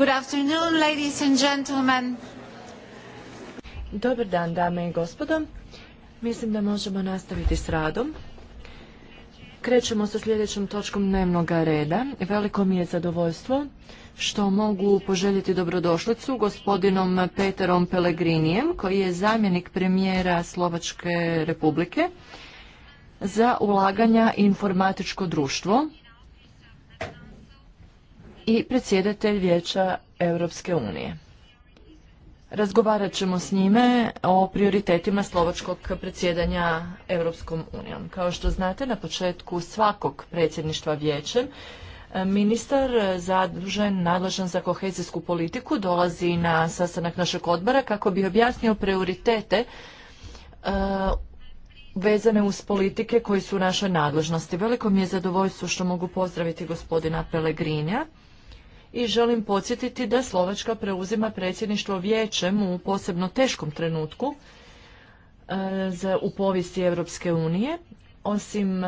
Good afternoon, ladies and gentlemen. Dobar dan, dame i gospodo. Mislim da možemo nastaviti s radom. Krećemo sa sljedećom točkom dnevnog reda. Veliko mi je zadovoljstvo što mogu poželjeti dobrodošlicu gospodinom Peterom Pelegrinijem, koji je zamjenik premijera Slovačke republike za ulaganja informatičko društvo i predsjedatelj Vijeća Europske unije. Razgovarat ćemo s njime o prioritetima slovačkog predsjedanja Europskom unijom. Kao što znate, na početku svakog predsjedništva vijećem e, ministar zadužen, nadležan za kohezijsku politiku, dolazi na sastanak našeg odbora kako bi objasnio prioritete e, vezane uz politike koji su u našoj nadležnosti. Veliko mi je zadovoljstvo što mogu pozdraviti gospodina Pelegrinja i želim podsjetiti da Slovačka preuzima predsjedništvo vijećem u posebno teškom trenutku e, za, u povijesti Europske unije. Osim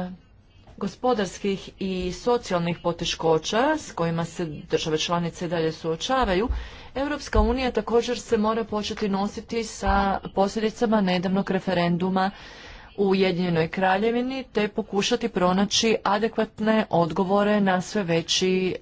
gospodarskih i socijalnih poteškoća s kojima se države članice dalje suočavaju, Europska unija također se mora početi nositi sa posljedicama nedavnog referenduma u Ujedinjenoj kraljevini te pokušati pronaći adekvatne odgovore na sve veći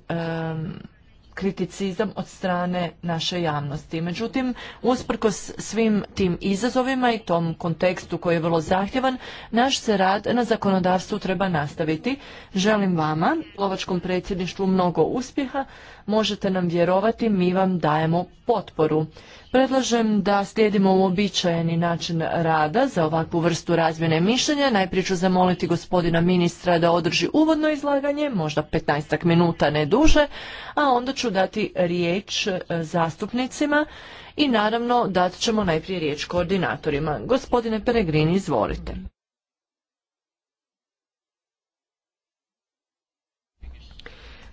kriticizam od strane naše javnosti. Međutim, usprkos svim tim izazovima i tom kontekstu koji je vrlo zahtjevan, naš se rad na zakonodavstvu treba nastaviti. Želim vama, lovačkom predsjedništvu, mnogo uspjeha. Možete nam vjerovati, mi vam dajemo potporu. Predlažem da slijedimo uobičajeni način rada za ovakvu vrstu razmjene mišljenja. Najprije ću zamoliti gospodina ministra da održi uvodno izlaganje, možda 15 minuta ne duže, a onda ću dati riječ e, zastupnicima i naravno dat ćemo najprije riječ koordinatorima. Gospodine Peregrini, izvolite.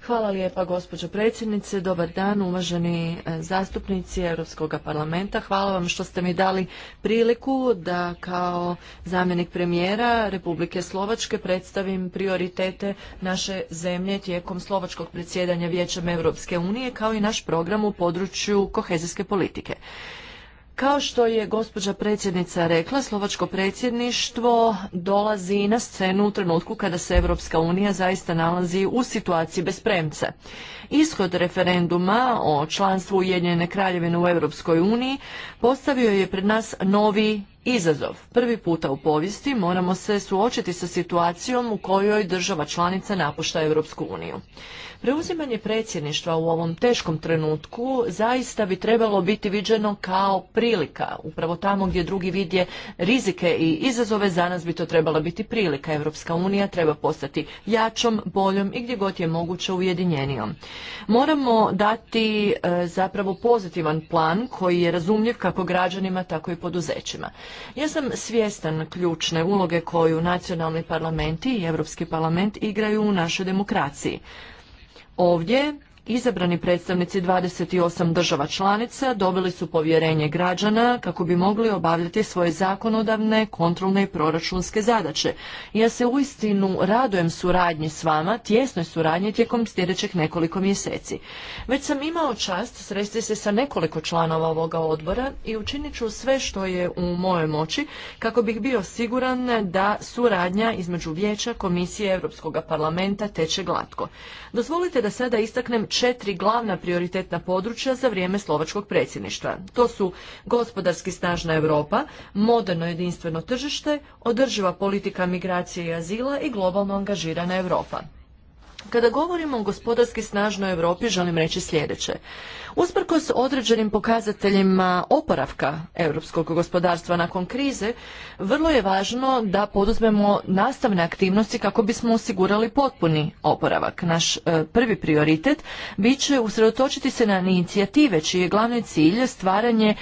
Hvala lijepa gospođo predsjednice, dobar dan uvaženi e, zastupnici Europskog parlamenta. Hvala vam što ste mi dali priliku da kao zamjenik premijera Republike Slovačke predstavim prioritete naše zemlje tijekom slovačkog predsjedanja Vijećem Europske unije kao i naš program u području kohezijske politike. Kao što je gospođa predsjednica rekla, slovačko predsjedništvo dolazi na scenu u trenutku kada se Europska unija zaista nalazi u situaciji bez premca Ishod referenduma o članstvu Ujedinjene kraljevine u Europskoj uniji postavio je pred nas novi izazov. Prvi puta u povijesti moramo se suočiti sa situacijom u kojoj država članica napušta Europsku uniju. Preuzimanje predsjedništva u ovom teškom trenutku zaista bi trebalo biti viđeno kao prilika. Upravo tamo gdje drugi vidje rizike i izazove, za nas bi to trebala biti prilika. Europska unija treba postati jačom, boljom i gdje god je moguće ujedinjenijom. Moramo dati e, zapravo pozitivan plan koji je razumljiv kako građanima, tako i poduzećima. Ja sam svjestan ključne uloge koju nacionalni parlamenti i Europski parlament igraju u našoj demokraciji. Ovdje Izabrani predstavnici 28 država članica dobili su povjerenje građana kako bi mogli obavljati svoje zakonodavne, kontrolne i proračunske zadaće. Ja se uistinu radujem suradnji s vama, tjesnoj suradnji tijekom sljedećeg nekoliko mjeseci. Već sam imao čast sresti se sa nekoliko članova ovoga odbora i učinit ću sve što je u mojoj moći kako bih bio siguran da suradnja između Vijeća, Komisije Europskog parlamenta teče glatko. Dozvolite da sada istaknem četiri glavna prioritetna područja za vrijeme slovačkog predsjedništva. To su gospodarski snažna Europa, moderno jedinstveno tržište, održiva politika migracije i azila i globalno angažirana Europa. Kada govorimo o gospodarski snažnoj Europi, želim reći sljedeće. Usprkos određenim pokazateljima oporavka europskog gospodarstva nakon krize, vrlo je važno da poduzmemo nastavne aktivnosti kako bismo osigurali potpuni oporavak. Naš e, prvi prioritet bit će usredotočiti se na inicijative čiji je glavni cilj stvaranje e,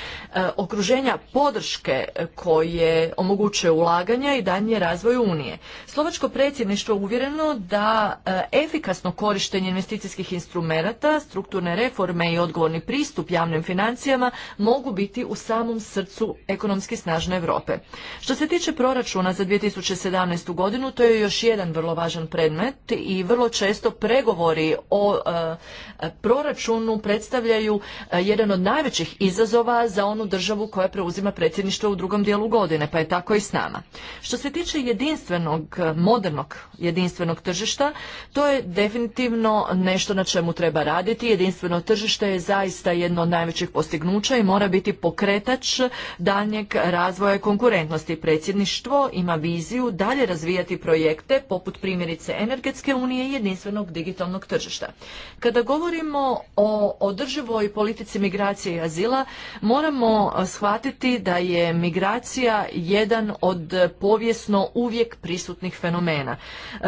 okruženja podrške e, koje omogućuje ulaganja i daljnji razvoj Unije. Slovačko predsjedništvo uvjereno da efikasno korištenje investicijskih instrumenata, strukturne reforme i odgovor odgovorni pristup javnim financijama mogu biti u samom srcu ekonomski snažne Europe. Što se tiče proračuna za 2017. godinu, to je još jedan vrlo važan predmet i vrlo često pregovori o e, proračunu predstavljaju e, jedan od najvećih izazova za onu državu koja preuzima predsjedništvo u drugom dijelu godine, pa je tako i s nama. Što se tiče jedinstvenog, e, modernog jedinstvenog tržišta, to je definitivno nešto na čemu treba raditi. Jedinstveno tržište je zaista jedno od najvećih postignuća i mora biti pokretač daljnjeg razvoja konkurentnosti. Predsjedništvo ima viziju dalje razvijati projekte poput primjerice Energetske unije i jedinstvenog digitalnog tržišta. Kada govorimo o održivoj politici migracije i azila, moramo shvatiti da je migracija jedan od povijesno uvijek prisutnih fenomena.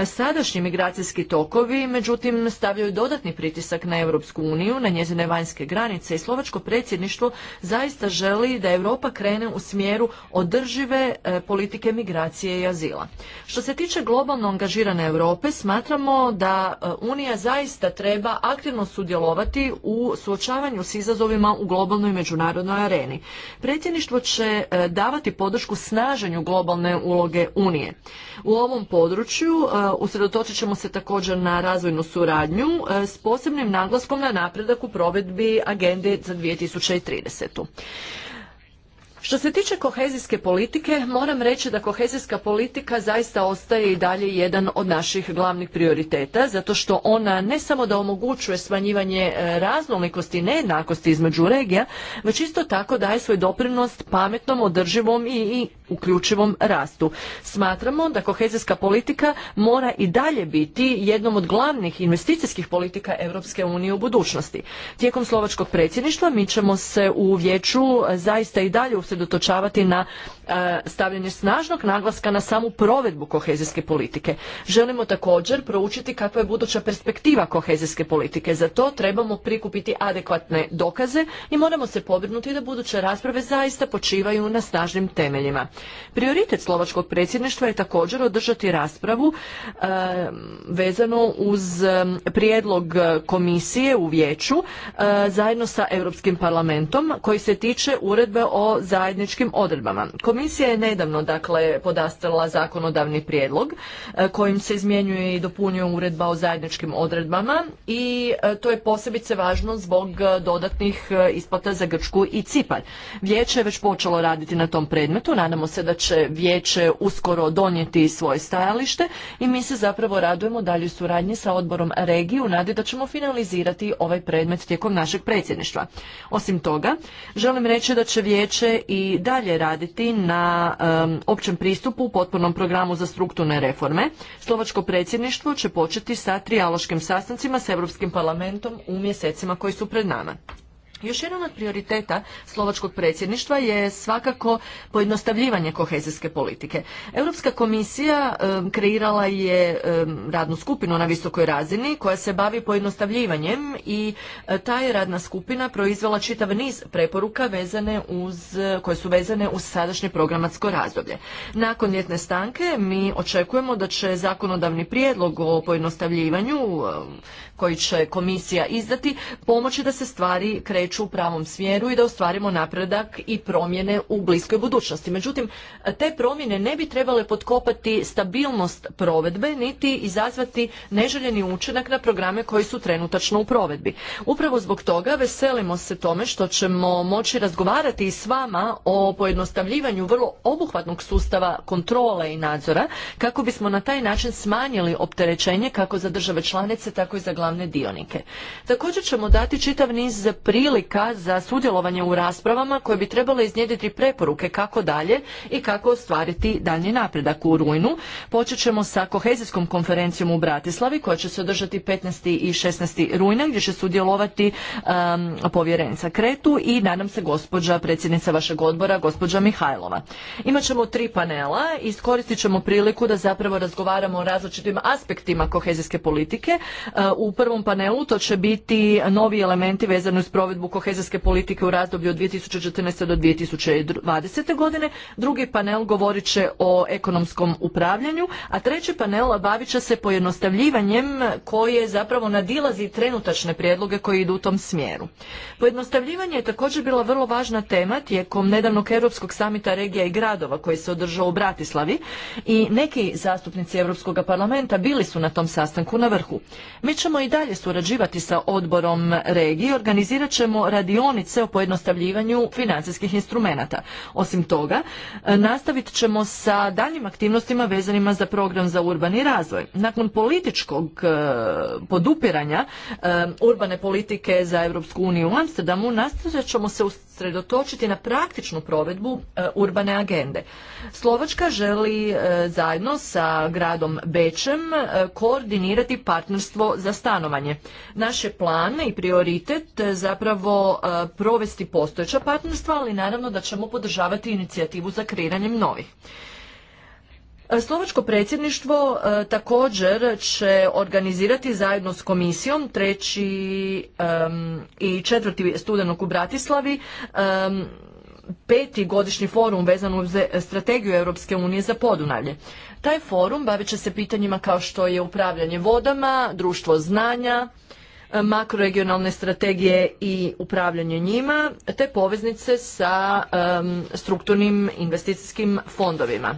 Sadašnji migracijski tokovi, međutim, stavljaju dodatni pritisak na Europsku uniju, na njezine vanjske vanjske granice i slovačko predsjedništvo zaista želi da Europa krene u smjeru održive e, politike migracije i azila. Što se tiče globalno angažirane Europe, smatramo da e, Unija zaista treba aktivno sudjelovati u suočavanju s izazovima u globalnoj međunarodnoj areni. Predsjedništvo će e, davati podršku snaženju globalne uloge Unije. U ovom području usredotočit ćemo se također na razvojnu suradnju s posebnim naglaskom na napredak u provedbi provedbi agende za 2030. Što se tiče kohezijske politike, moram reći da kohezijska politika zaista ostaje i dalje jedan od naših glavnih prioriteta, zato što ona ne samo da omogućuje smanjivanje e, raznolikosti i nejednakosti između regija, već isto tako daje svoj doprinost pametnom, održivom i uključivom rastu. Smatramo da kohezijska politika mora i dalje biti jednom od glavnih investicijskih politika Europske unije u budućnosti. Tijekom slovačkog predsjedništva mi ćemo se u vijeću zaista i dalje usredotočavati na e, stavljanje snažnog naglaska na samu provedbu kohezijske politike. Želimo također proučiti kakva je buduća perspektiva kohezijske politike. Za to trebamo prikupiti adekvatne dokaze i moramo se pobrinuti da buduće rasprave zaista počivaju na snažnim temeljima. Prioritet slovačkog predsjedništva je također održati raspravu vezanu vezano uz e, prijedlog komisije u vijeću e, zajedno sa Europskim parlamentom koji se tiče uredbe o zajedničkim odredbama. Komisija je nedavno dakle podastrla zakonodavni prijedlog e, kojim se izmjenjuje i dopunjuje uredba o zajedničkim odredbama i to je posebice važno zbog dodatnih isplata za Grčku i Cipar. Vijeće je već počelo raditi na tom predmetu, nadamo se da će vijeće uskoro donijeti svoje stajalište i mi se zapravo radujemo dalje suradnji sa odborom regiju u nadi da ćemo finalizirati ovaj predmet tijekom našeg predsjedništva. Osim toga, želim reći da će vijeće i dalje raditi na općem pristupu u potpornom programu za strukturne reforme. Slovačko predsjedništvo će početi sa trijaloškim sastancima s Europskim parlamentom u mjesecima koji su pred nama. Još jedan od prioriteta slovačkog predsjedništva je svakako pojednostavljivanje kohezijske politike. Europska komisija kreirala je radnu skupinu na visokoj razini koja se bavi pojednostavljivanjem i e, ta je radna skupina proizvela čitav niz preporuka vezane uz, koje su vezane uz sadašnje programatsko razdoblje. Nakon ljetne stanke mi očekujemo da će zakonodavni prijedlog o pojednostavljivanju koji će komisija izdati pomoći da se stvari kreću kreću u pravom smjeru i da ostvarimo napredak i promjene u bliskoj budućnosti. Međutim, te promjene ne bi trebale potkopati stabilnost provedbe niti izazvati neželjeni učinak na programe koji su trenutačno u provedbi. Upravo zbog toga veselimo se tome što ćemo moći razgovarati s vama o pojednostavljivanju vrlo obuhvatnog sustava kontrole i nadzora kako bismo na taj način smanjili opterećenje kako za države članice tako i za glavne dionike. Također ćemo dati čitav niz prilike prilika za sudjelovanje u raspravama koje bi trebalo iznjediti preporuke kako dalje i kako ostvariti daljnji napredak u rujnu. Počet ćemo sa kohezijskom konferencijom u Bratislavi koja će se održati 15. i 16. rujna gdje će sudjelovati um, povjerenca Kretu i nadam se gospođa predsjednica vašeg odbora, gospođa Mihajlova. Imaćemo tri panela, iskoristit ćemo priliku da zapravo razgovaramo o različitim aspektima kohezijske politike. E, u prvom panelu to će biti novi elementi vezani uz provedbu provedbu kohezijske politike u razdoblju od 2014. do 2020. godine. Drugi panel govorit će o ekonomskom upravljanju, a treći panel bavit će se pojednostavljivanjem koje zapravo nadilazi trenutačne prijedloge koji idu u tom smjeru. Pojednostavljivanje je također bila vrlo važna tema tijekom nedavnog Europskog samita regija i gradova koji se održao u Bratislavi i neki zastupnici Europskog parlamenta bili su na tom sastanku na vrhu. Mi ćemo i dalje surađivati sa odborom regiji, organizirat ćemo imamo radionice o pojednostavljivanju financijskih instrumenata. Osim toga, nastavit ćemo sa daljim aktivnostima vezanima za program za urbani razvoj. Nakon političkog e, podupiranja e, urbane politike za Europsku uniju u Amsterdamu nastavit ćemo se usredotočiti na praktičnu provedbu e, urbane agende. Slovačka želi e, zajedno sa gradom Bečem e, koordinirati partnerstvo za stanovanje. Naš je plan i prioritet zapravo provesti postojeća partnerstva, ali naravno da ćemo podržavati inicijativu za kreiranjem novih. Slovačko predsjedništvo e, također će organizirati zajedno s komisijom treći i četvrti studenok u Bratislavi peti godišnji forum vezan uz strategiju Europske unije za podunavlje. Taj forum bavit će se pitanjima kao što je upravljanje vodama, društvo znanja, makroregionalne strategije i upravljanje njima, te poveznice sa strukturnim investicijskim fondovima.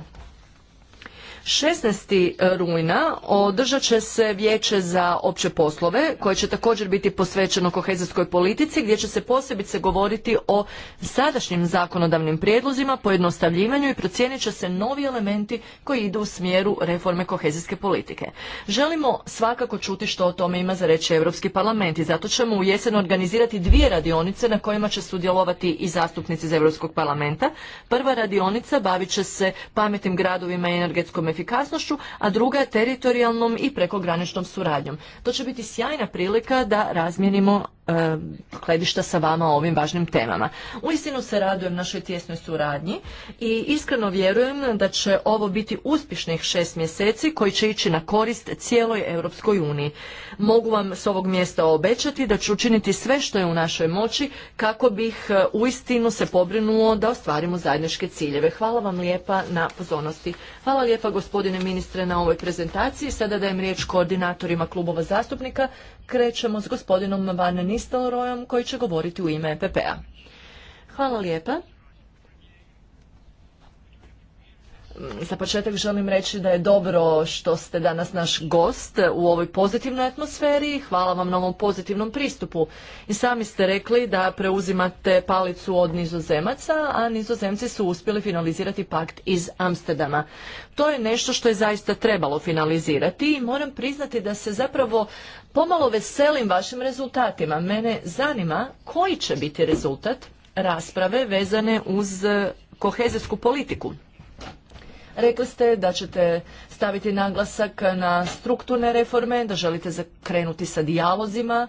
16. E, rujna održat će se vijeće za opće poslove koje će također biti posvećeno kohezijskoj politici gdje će se posebice govoriti o sadašnjim zakonodavnim prijedlozima, pojednostavljivanju i procijenit će se novi elementi koji idu u smjeru reforme kohezijske politike. Želimo svakako čuti što o tome ima za reći Europski parlament i zato ćemo u jesen organizirati dvije radionice na kojima će sudjelovati i zastupnici iz Europskog parlamenta. Prva radionica bavit će se pametnim gradovima i energetskom efikasnošću, a druga teritorijalnom i prekograničnom suradnjom. To će biti sjajna prilika da razmijenimo E, gledišta sa vama o ovim važnim temama. Uistinu se radujem našoj tjesnoj suradnji i iskreno vjerujem da će ovo biti uspješnih šest mjeseci koji će ići na korist cijeloj Europskoj uniji. Mogu vam s ovog mjesta obećati da ću učiniti sve što je u našoj moći kako bih e, uistinu se pobrinuo da ostvarimo zajedničke ciljeve. Hvala vam lijepa na pozornosti. Hvala lijepa gospodine ministre na ovoj prezentaciji. Sada dajem riječ koordinatorima klubova zastupnika. Krećemo s gospodinom Nistelrojom koji će govoriti u ime EPP-a. Hvala lijepa. Mm, za početak želim reći da je dobro što ste danas naš gost u ovoj pozitivnoj atmosferi. Hvala vam na ovom pozitivnom pristupu. I sami ste rekli da preuzimate palicu od nizozemaca, a nizozemci su uspjeli finalizirati pakt iz Amsterdama. To je nešto što je zaista trebalo finalizirati i moram priznati da se zapravo pomalo veselim vašim rezultatima. Mene zanima koji će biti rezultat rasprave vezane uz kohezijsku politiku Rekli ste da ćete staviti naglasak na strukturne reforme, da želite zakrenuti sa dijalozima.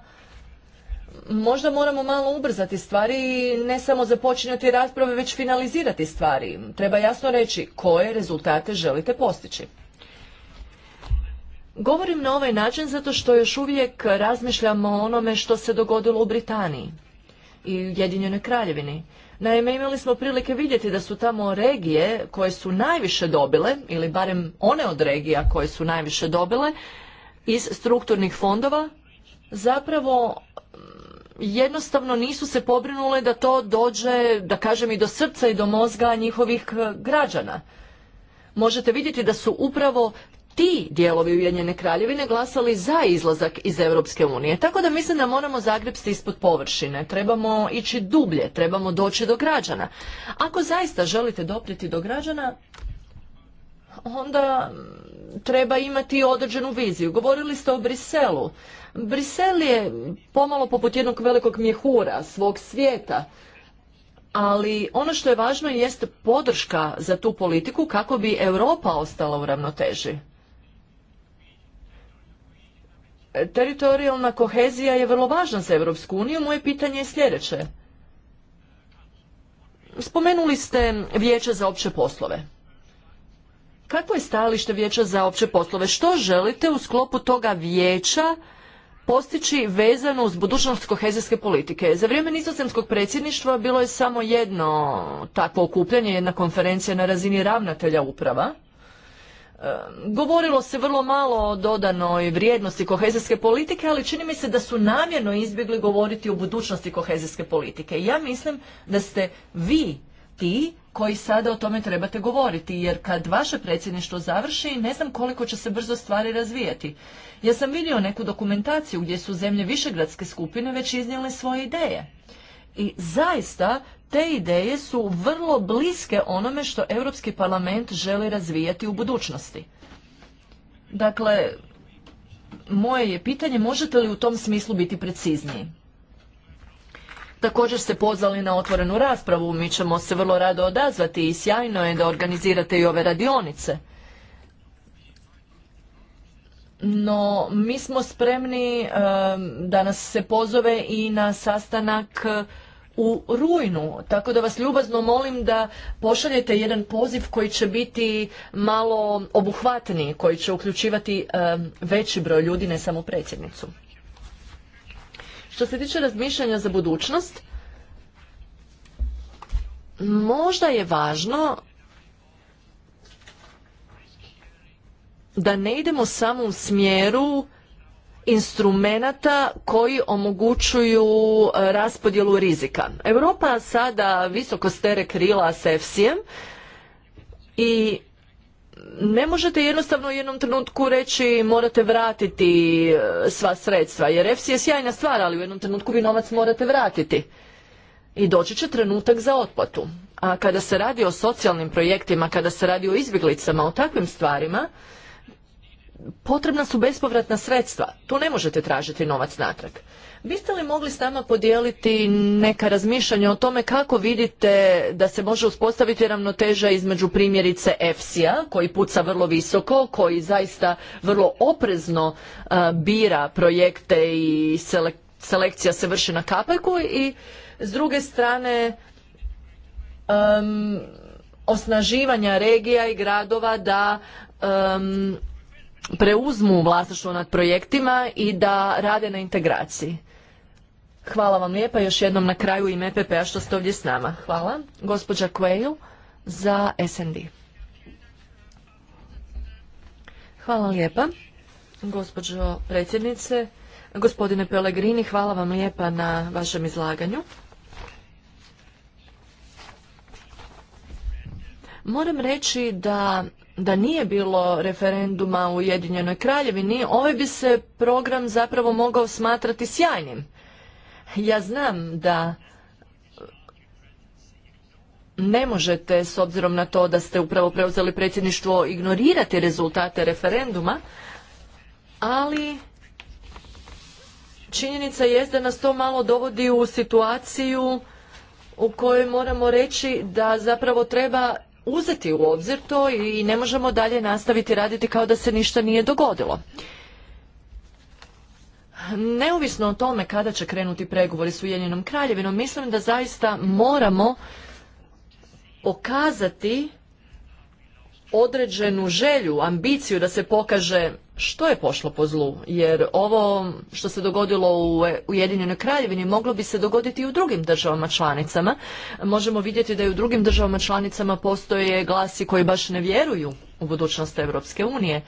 Možda moramo malo ubrzati stvari i ne samo započinjati rasprave, već finalizirati stvari. Treba jasno reći koje rezultate želite postići. Govorim na ovaj način zato što još uvijek razmišljamo o onome što se dogodilo u Britaniji i Ujedinjenoj kraljevini. Naime, imali smo prilike vidjeti da su tamo regije koje su najviše dobile, ili barem one od regija koje su najviše dobile, iz strukturnih fondova, zapravo mm, jednostavno nisu se pobrinule da to dođe, da kažem, i do srca i do mozga njihovih eh, građana. Možete vidjeti da su upravo ti dijelovi Ujedinjene kraljevine glasali za izlazak iz Europske unije. Tako da mislim da moramo zagrebsti ispod površine, trebamo ići dublje, trebamo doći do građana. Ako zaista želite doprijeti do građana, onda mm, treba imati određenu viziju. Govorili ste o Briselu. Brisel je pomalo poput jednog velikog mjehura svog svijeta. Ali ono što je važno jeste podrška za tu politiku kako bi Europa ostala u ravnoteži. Teritorijalna kohezija je vrlo važna za Europsku uniju. Moje pitanje je sljedeće. Spomenuli ste Vijeće za opće poslove. Kako je stajalište Vijeća za opće poslove? Što želite u sklopu toga vijeća postići vezano uz budućnost kohezijske politike. Za vrijeme nizozemskog predsjedništva bilo je samo jedno takvo okupljanje, jedna konferencija na razini ravnatelja uprava Govorilo se vrlo malo o dodanoj vrijednosti kohezijske politike, ali čini mi se da su namjerno izbjegli govoriti o budućnosti kohezijske politike. Ja mislim da ste vi ti koji sada o tome trebate govoriti, jer kad vaše predsjedništvo završi, ne znam koliko će se brzo stvari razvijati. Ja sam vidio neku dokumentaciju gdje su zemlje višegradske skupine već iznijele svoje ideje. I zaista te ideje su vrlo bliske onome što Europski parlament želi razvijati u budućnosti. Dakle, moje je pitanje možete li u tom smislu biti precizniji? Također ste pozvali na otvorenu raspravu, mi ćemo se vrlo rado odazvati i sjajno je da organizirate i ove radionice. No, mi smo spremni da nas se pozove i na sastanak u rujnu, tako da vas ljubazno molim da pošaljete jedan poziv koji će biti malo obuhvatniji, koji će uključivati veći broj ljudi, ne samo predsjednicu. Što se tiče razmišljanja za budućnost, možda je važno da ne idemo samo u smjeru instrumenata koji omogućuju e, raspodjelu rizika. Europa sada visoko stere krila s efsi i ne možete jednostavno u jednom trenutku reći morate vratiti e, sva sredstva, jer EFSI je sjajna stvar, ali u jednom trenutku vi novac morate vratiti. I doći će trenutak za otplatu. A kada se radi o socijalnim projektima, kada se radi o izbjeglicama, o takvim stvarima, potrebna su bespovratna sredstva. Tu ne možete tražiti novac natrag. Biste li mogli s nama podijeliti neka razmišljanja o tome kako vidite da se može uspostaviti ravnoteža između primjerice EFSI-a, koji puca vrlo visoko, koji zaista vrlo oprezno uh, bira projekte i selekcija se vrši na kapeku i s druge strane um, osnaživanja regija i gradova da um, preuzmu vlasništvo nad projektima i da rade na integraciji. Hvala vam lijepa još jednom na kraju ime EPP-a što ste ovdje s nama. Hvala. Gospođa Quayle za SND. Hvala lijepa. Gospođo predsjednice, gospodine Pelegrini, hvala vam lijepa na vašem izlaganju. Moram reći da da nije bilo referenduma u Ujedinjenoj kraljevini, ovaj bi se program zapravo mogao smatrati sjajnim. Ja znam da ne možete, s obzirom na to da ste upravo preuzeli predsjedništvo, ignorirati rezultate referenduma, ali činjenica je da nas to malo dovodi u situaciju u kojoj moramo reći da zapravo treba uzeti u obzir to i ne možemo dalje nastaviti raditi kao da se ništa nije dogodilo. Neovisno o tome kada će krenuti pregovori s Ujedinjenom kraljevinom, mislim da zaista moramo pokazati određenu želju, ambiciju da se pokaže što je pošlo po zlu, jer ovo što se dogodilo u Ujedinjenoj kraljevini moglo bi se dogoditi i u drugim državama članicama. Možemo vidjeti da i u drugim državama članicama postoje glasi koji baš ne vjeruju u budućnost Europske unije.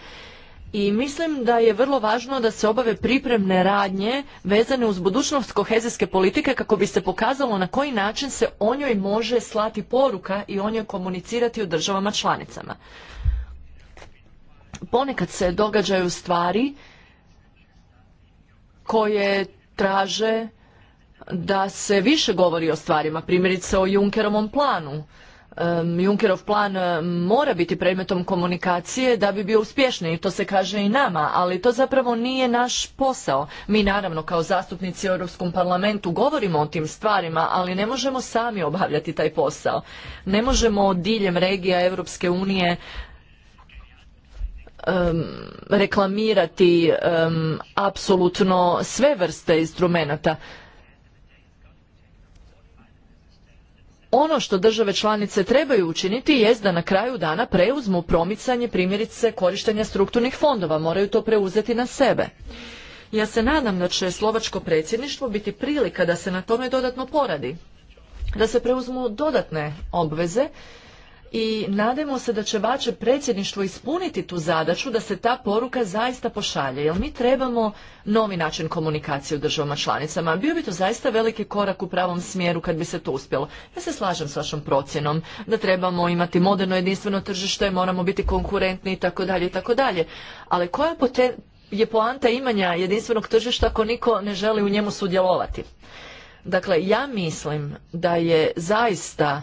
I mislim da je vrlo važno da se obave pripremne radnje vezane uz budućnost kohezijske politike kako bi se pokazalo na koji način se o njoj može slati poruka i o njoj komunicirati u državama članicama ponekad se događaju stvari koje traže da se više govori o stvarima, primjerice o Junckerovom planu. Junckerov plan mora biti predmetom komunikacije da bi bio uspješniji, to se kaže i nama, ali to zapravo nije naš posao. Mi naravno kao zastupnici u Europskom parlamentu govorimo o tim stvarima, ali ne možemo sami obavljati taj posao. Ne možemo diljem regija Europske unije reklamirati apsolutno sve vrste instrumenata. Ono što države članice trebaju učiniti je da na kraju dana preuzmu promicanje primjerice korištenja strukturnih fondova, moraju to preuzeti na sebe. Ja se nadam da će slovačko predsjedništvo biti prilika da se na tome dodatno poradi, da se preuzmu dodatne obveze i nadajmo se da će vaše predsjedništvo ispuniti tu zadaću da se ta poruka zaista pošalje, jer mi trebamo novi način komunikacije u državama članicama. Bio bi to zaista veliki korak u pravom smjeru kad bi se to uspjelo. Ja se slažem s vašom procjenom da trebamo imati moderno jedinstveno tržište, moramo biti konkurentni i tako dalje i tako dalje. Ali koja je poanta imanja jedinstvenog tržišta ako niko ne želi u njemu sudjelovati? Dakle, ja mislim da je zaista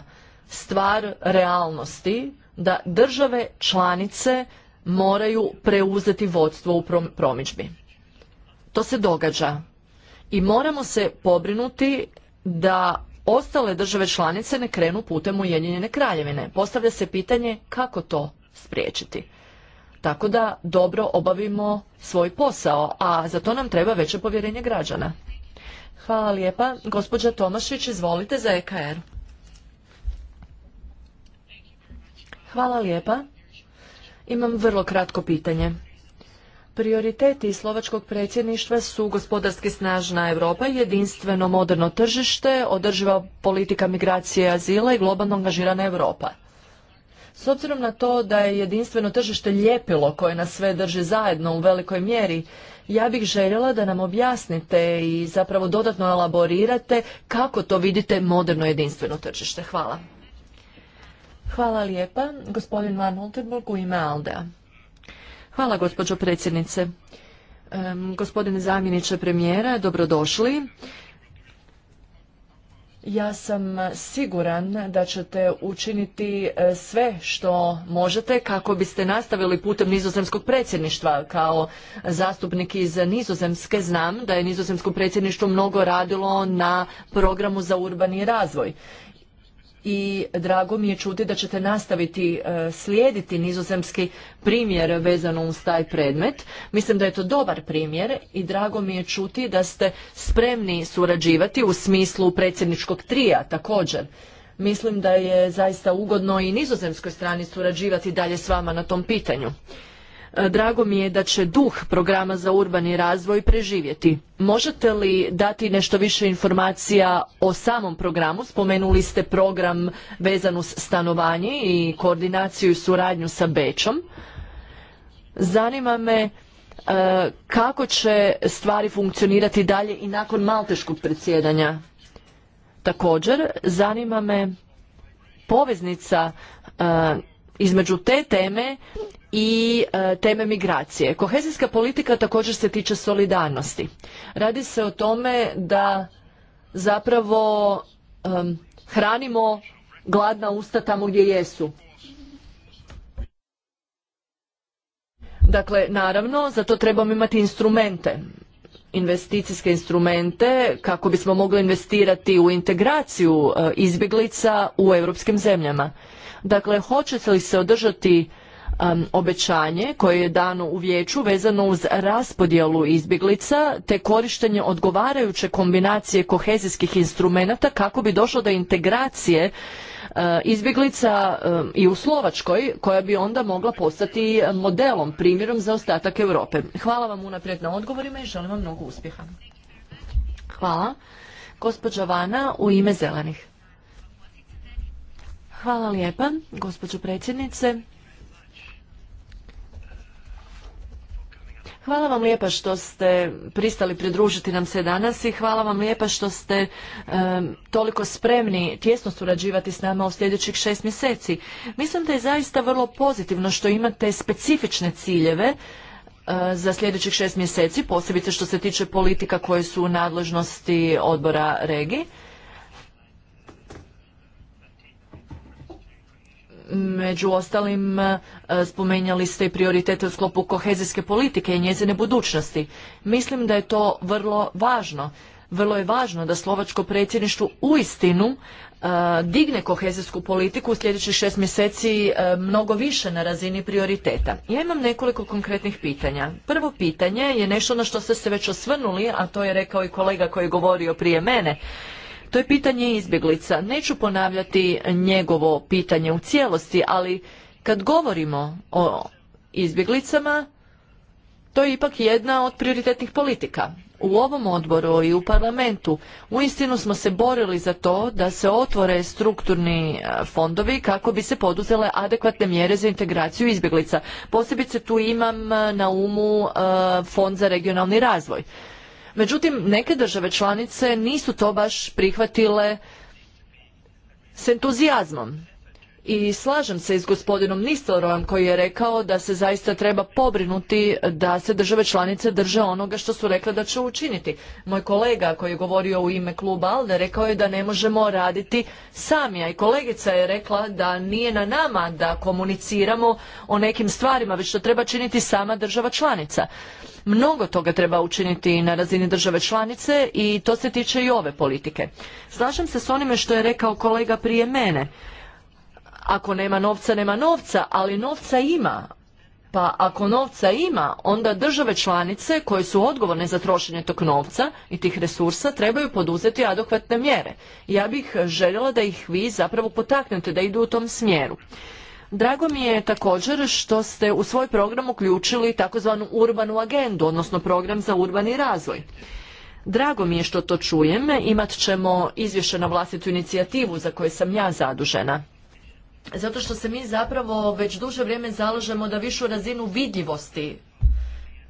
stvar realnosti da države članice moraju preuzeti vodstvo u promičbi. To se događa i moramo se pobrinuti da ostale države članice ne krenu putem Ujedinjene kraljevine. Postavlja se pitanje kako to spriječiti. Tako da dobro obavimo svoj posao, a za to nam treba veće povjerenje građana. Hvala lijepa. Gospođa Tomašić, izvolite za EKR. Hvala lijepa. Imam vrlo kratko pitanje. Prioriteti slovačkog predsjedništva su gospodarski snažna Europa, jedinstveno moderno tržište, održiva politika migracije i azila i globalno angažirana Europa. S obzirom na to da je jedinstveno tržište ljepilo koje nas sve drži zajedno u velikoj mjeri, ja bih željela da nam objasnite i zapravo dodatno elaborirate kako to vidite moderno jedinstveno tržište. Hvala. Hvala lijepa. Gospodin Van Ultenburg u ime Hvala gospođo predsjednice. gospodine zamjeniče premijera, dobrodošli. Ja sam siguran da ćete učiniti e, sve što možete kako biste nastavili putem nizozemskog predsjedništva. Kao zastupnik iz nizozemske znam da je nizozemsko predsjedništvo mnogo radilo na programu za urbani razvoj i drago mi je čuti da ćete nastaviti e, slijediti nizozemski primjer vezano uz taj predmet. Mislim da je to dobar primjer i drago mi je čuti da ste spremni surađivati u smislu predsjedničkog trija također. Mislim da je zaista ugodno i nizozemskoj strani surađivati dalje s vama na tom pitanju. E, drago mi je da će duh programa za urbani razvoj preživjeti. Možete li dati nešto više informacija o samom programu? Spomenuli ste program vezan uz stanovanje i koordinaciju i suradnju sa Bečom. Zanima me e, kako će stvari funkcionirati dalje i nakon malteškog predsjedanja. Također, zanima me poveznica e, između te teme i e, teme migracije. Kohezijska politika također se tiče solidarnosti. Radi se o tome da zapravo hranimo gladna usta tamo gdje jesu. Dakle, naravno, za to trebamo imati instrumente, investicijske instrumente kako bismo mogli investirati u integraciju e, izbjeglica u europskim zemljama. Dakle, hoće li se održati um, obećanje koje je dano u vijeću vezano uz raspodjelu izbjeglica te korištenje odgovarajuće kombinacije kohezijskih instrumenata kako bi došlo do integracije uh, izbjeglica um, i u Slovačkoj koja bi onda mogla postati modelom, primjerom za ostatak Europe. Hvala vam unaprijed na odgovorima i želim vam mnogo uspjeha. Hvala. Gospođa Vana u ime Zelenih. Hvala lijepa, gospođo predsjednice. Hvala vam lijepa što ste pristali pridružiti nam se danas i hvala vam lijepa što ste toliko spremni tjesno surađivati s nama u sljedećih šest mjeseci. Mislim da je zaista vrlo pozitivno što imate specifične ciljeve eh, za sljedećih šest mjeseci, posebice što se tiče politika koje su u nadležnosti odbora regije Među ostalim e, spomenjali ste i prioritete u sklopu kohezijske politike i njezine budućnosti. Mislim da je to vrlo važno. Vrlo je važno da slovačko predsjedništvo uistinu e, digne kohezijsku politiku u sljedećih šest mjeseci e, mnogo više na razini prioriteta. Ja imam nekoliko konkretnih pitanja. Prvo pitanje je nešto na što ste se već osvrnuli, a to je rekao i kolega koji je govorio prije mene. To je pitanje izbjeglica. Neću ponavljati njegovo pitanje u cijelosti, ali kad govorimo o izbjeglicama, to je ipak jedna od prioritetnih politika. U ovom odboru i u parlamentu uistinu smo se borili za to da se otvore strukturni e, fondovi kako bi se poduzele adekvatne mjere za integraciju izbjeglica. Posebice tu imam e, na umu e, fond za regionalni razvoj. Međutim, neke države članice nisu to baš prihvatile s entuzijazmom. I slažem se s gospodinom Nistelrojom koji je rekao da se zaista treba pobrinuti da se države članice drže onoga što su rekle da će učiniti. Moj kolega koji je govorio u ime kluba Alde rekao je da ne možemo raditi sami, a i kolegica je rekla da nije na nama da komuniciramo o nekim stvarima, već to treba činiti sama država članica. Mnogo toga treba učiniti na razini države članice i to se tiče i ove politike. Slažem se s onime što je rekao kolega prije mene. Ako nema novca, nema novca, ali novca ima. Pa ako novca ima, onda države članice koje su odgovorne za trošenje tog novca i tih resursa trebaju poduzeti adekvatne mjere. Ja bih željela da ih vi zapravo potaknete da idu u tom smjeru. Drago mi je također što ste u svoj program uključili takozvanu urbanu agendu, odnosno program za urbani razvoj. Drago mi je što to čujem, imat ćemo izvješće na vlastitu inicijativu za koju sam ja zadužena. Zato što se mi zapravo već duže vrijeme zalažemo da višu razinu vidljivosti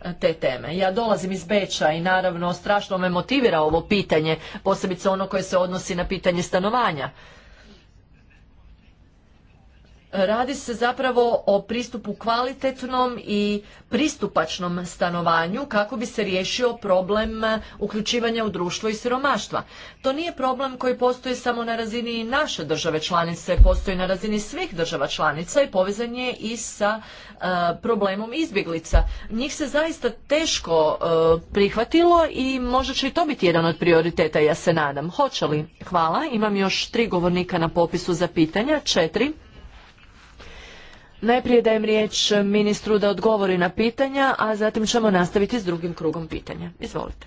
e, te teme. Ja dolazim iz Beča i naravno strašno me motivira ovo pitanje, posebice ono koje se odnosi na pitanje stanovanja. Radi se zapravo o pristupu kvalitetnom i pristupačnom stanovanju kako bi se riješio problem uključivanja u društvo i siromaštva. To nije problem koji postoji samo na razini naše države članice, postoji na razini svih država članica i povezan je i sa e, problemom izbjeglica. Njih se zaista teško e, prihvatilo i možda će i to biti jedan od prioriteta, ja se nadam. Hoće li? Hvala. Imam još tri govornika na popisu za pitanja. Četiri. Najprije dajem riječ ministru da odgovori na pitanja, a zatim ćemo nastaviti s drugim krugom pitanja. Izvolite.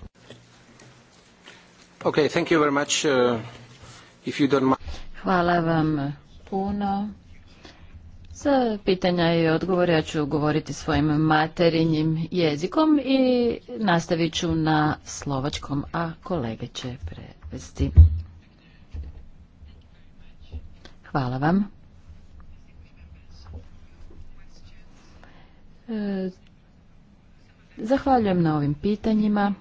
Okay, uh, Hvala vam puno. Za pitanja i odgovor ja ću govoriti svojim materinjim jezikom i nastavit ću na slovačkom, a kolege će prevesti. Hvala vam. E, zahvaljujem na ovim pitanjima.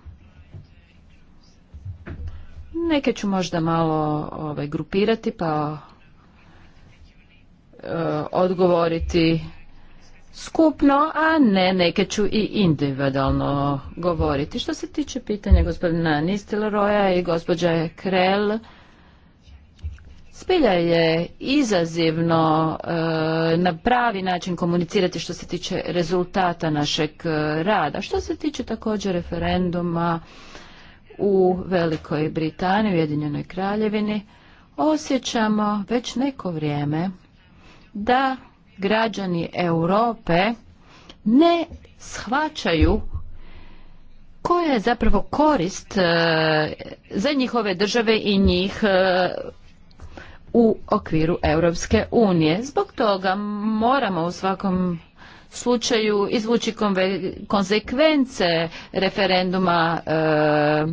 Neke ću možda malo ovaj, grupirati pa e, odgovoriti skupno, a ne neke ću i individualno govoriti. Što se tiče pitanja gospodina Nistelroja i gospođe Krell, Spilja je izazivno e, na pravi način komunicirati što se tiče rezultata našeg e, rada. Što se tiče također referenduma u Velikoj Britaniji, Ujedinjenoj Kraljevini, osjećamo već neko vrijeme da građani Europe ne shvaćaju koja je zapravo korist e, za njihove države i njih u okviru Europske unije. Zbog toga moramo u svakom slučaju izvući konsekvence referenduma e,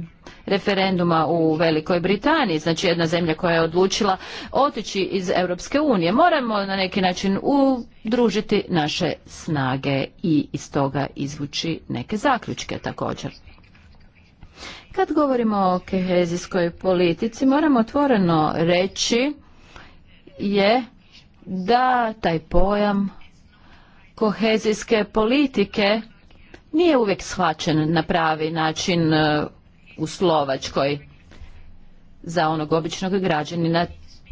referenduma u Velikoj Britaniji, znači jedna zemlja koja je odlučila otići iz Europske unije. Moramo na neki način udružiti naše snage i iz toga izvući neke zaključke također. Kad govorimo o kehezijskoj politici, moramo otvoreno reći je da taj pojam kohezijske politike nije uvijek shvaćen na pravi način e, u Slovačkoj za onog običnog građanina.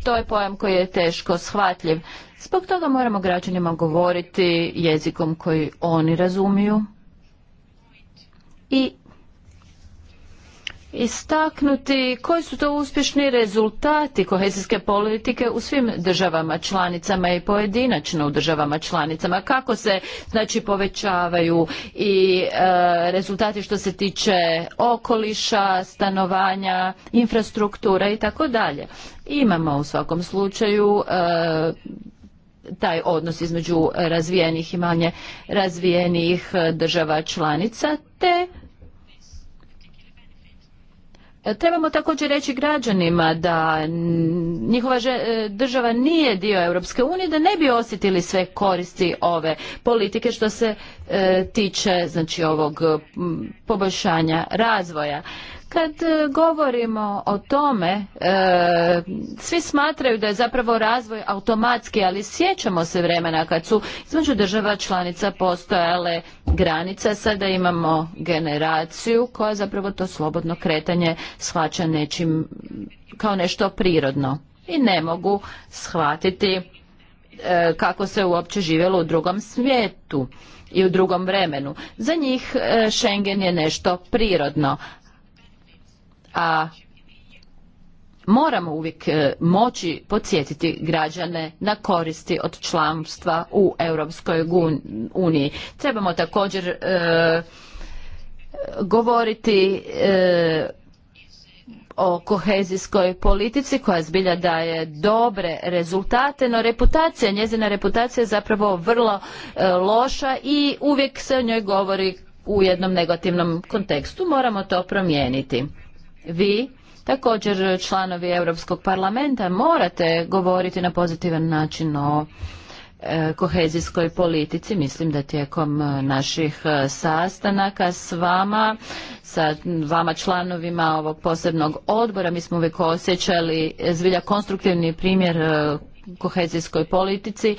To je pojam koji je teško shvatljiv. Zbog toga moramo građanima govoriti jezikom koji oni razumiju i istaknuti koji su to uspješni rezultati kohezijske politike u svim državama članicama i pojedinačno u državama članicama kako se znači povećavaju i e, rezultati što se tiče okoliša stanovanja infrastruktura i tako dalje imamo u svakom slučaju e, taj odnos između razvijenih i manje razvijenih e, država članica te E, trebamo također reći građanima da njihova e, država nije dio Europske unije, da ne bi osjetili sve koristi ove politike što se e, tiče znači ovog poboljšanja razvoja. Kad e, govorimo o tome, e, svi smatraju da je zapravo razvoj automatski, ali sjećamo se vremena kad su između država članica postojale granice. sada imamo generaciju koja zapravo to slobodno kretanje shvaća nečim kao nešto prirodno i ne mogu shvatiti e, kako se uopće živjelo u drugom svijetu i u drugom vremenu. Za njih Schengen je nešto prirodno, a moramo uvijek e, moći podsjetiti građane na koristi od članstva u Europskoj uniji. Trebamo također e, govoriti e, o kohezijskoj politici koja zbilja daje dobre rezultate, no reputacija, njezina reputacija je zapravo vrlo loša i uvijek se o njoj govori u jednom negativnom kontekstu. Moramo to promijeniti vi također članovi Europskog parlamenta morate govoriti na pozitivan način o e, kohezijskoj politici. Mislim da tijekom e, naših e, sastanaka s vama, sa vama članovima ovog posebnog odbora, mi smo uvijek osjećali zbilja konstruktivni primjer kohezijskoj politici.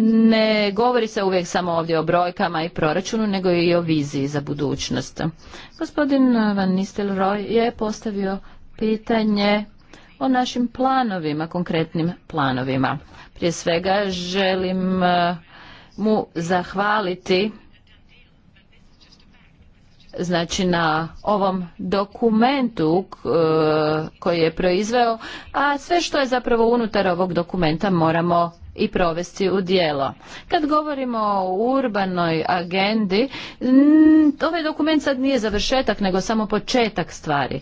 Ne govori se uvijek samo ovdje o brojkama i proračunu, nego i o viziji za budućnost. Gospodin Van Nistelrooy je postavio pitanje o našim planovima, konkretnim planovima. Prije svega želim eh, mu zahvaliti znači na ovom dokumentu e, koji je proizveo, a sve što je zapravo unutar ovog dokumenta moramo i provesti u djelo. Kad govorimo o urbanoj agendi, ovaj dokument sad nije završetak, nego samo početak stvari.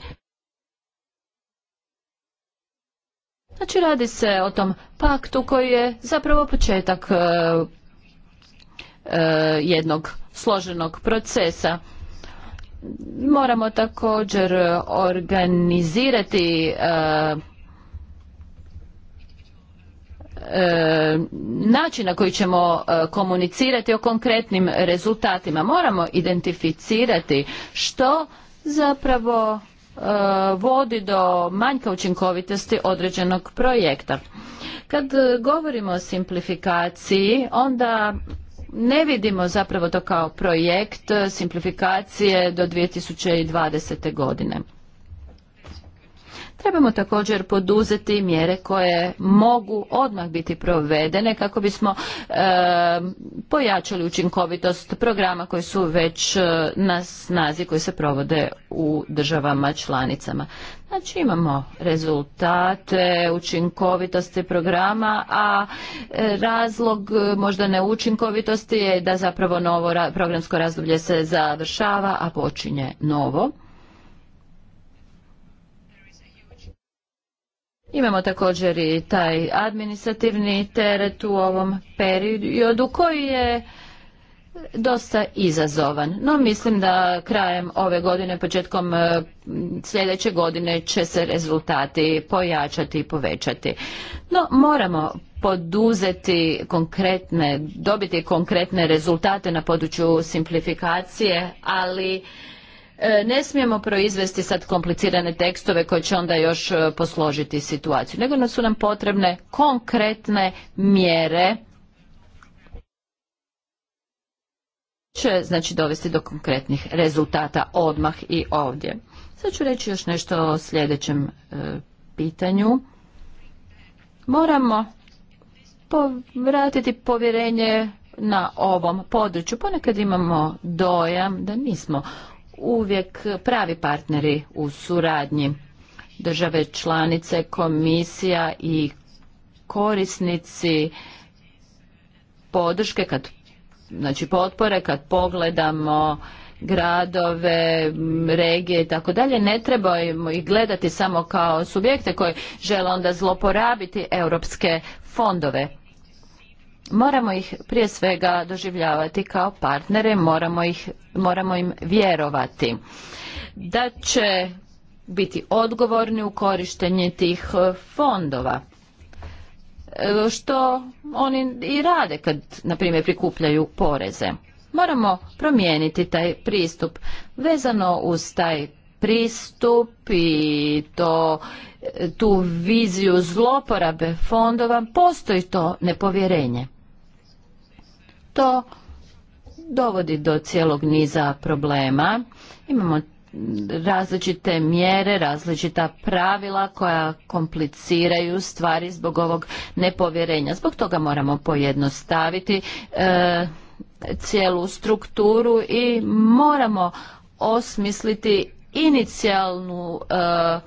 Znači radi se o tom paktu koji je zapravo početak e, e, jednog složenog procesa moramo također organizirati e, e, način na koji ćemo e, komunicirati o konkretnim rezultatima. Moramo identificirati što zapravo vodi do manjka učinkovitosti određenog projekta. Kad govorimo o simplifikaciji, onda ne vidimo zapravo to kao projekt simplifikacije do 2020. godine. Trebamo također poduzeti mjere koje mogu odmah biti provedene kako bismo e, pojačali učinkovitost programa koji su već e, na snazi koji se provode u državama članicama. Znači imamo rezultate, učinkovitosti programa, a e, razlog e, možda neučinkovitosti je da zapravo novo programsko razdoblje se završava, a počinje novo. Imamo također i taj administrativni teret u ovom periodu koji je dosta izazovan. No mislim da krajem ove godine, početkom e, sljedeće godine će se rezultati pojačati i povećati. No moramo poduzeti konkretne, dobiti konkretne rezultate na području simplifikacije, ali e, ne smijemo proizvesti sad komplicirane tekstove koje će onda još e, posložiti situaciju, nego su nam potrebne konkretne mjere će znači dovesti do konkretnih rezultata odmah i ovdje. Sad ću reći još nešto o sljedećem e, pitanju. Moramo povratiti povjerenje na ovom području. Ponekad imamo dojam da nismo uvijek pravi partneri u suradnji države članice, komisija i korisnici podrške kad znači potpore kad pogledamo gradove, regije i tako dalje. Ne trebamo ih gledati samo kao subjekte koji žele onda zloporabiti europske fondove. Moramo ih prije svega doživljavati kao partnere, moramo, ih, moramo im vjerovati da će biti odgovorni u korištenje tih fondova. E, što oni i rade kad, na primjer, prikupljaju poreze. Moramo promijeniti taj pristup. Vezano uz taj pristup i to, e, tu viziju zloporabe fondova, postoji to nepovjerenje. To dovodi do cijelog niza problema. Imamo različite mjere, različita pravila koja kompliciraju stvari zbog ovog nepovjerenja. Zbog toga moramo pojednostaviti e, cijelu strukturu i moramo osmisliti inicijalnu e,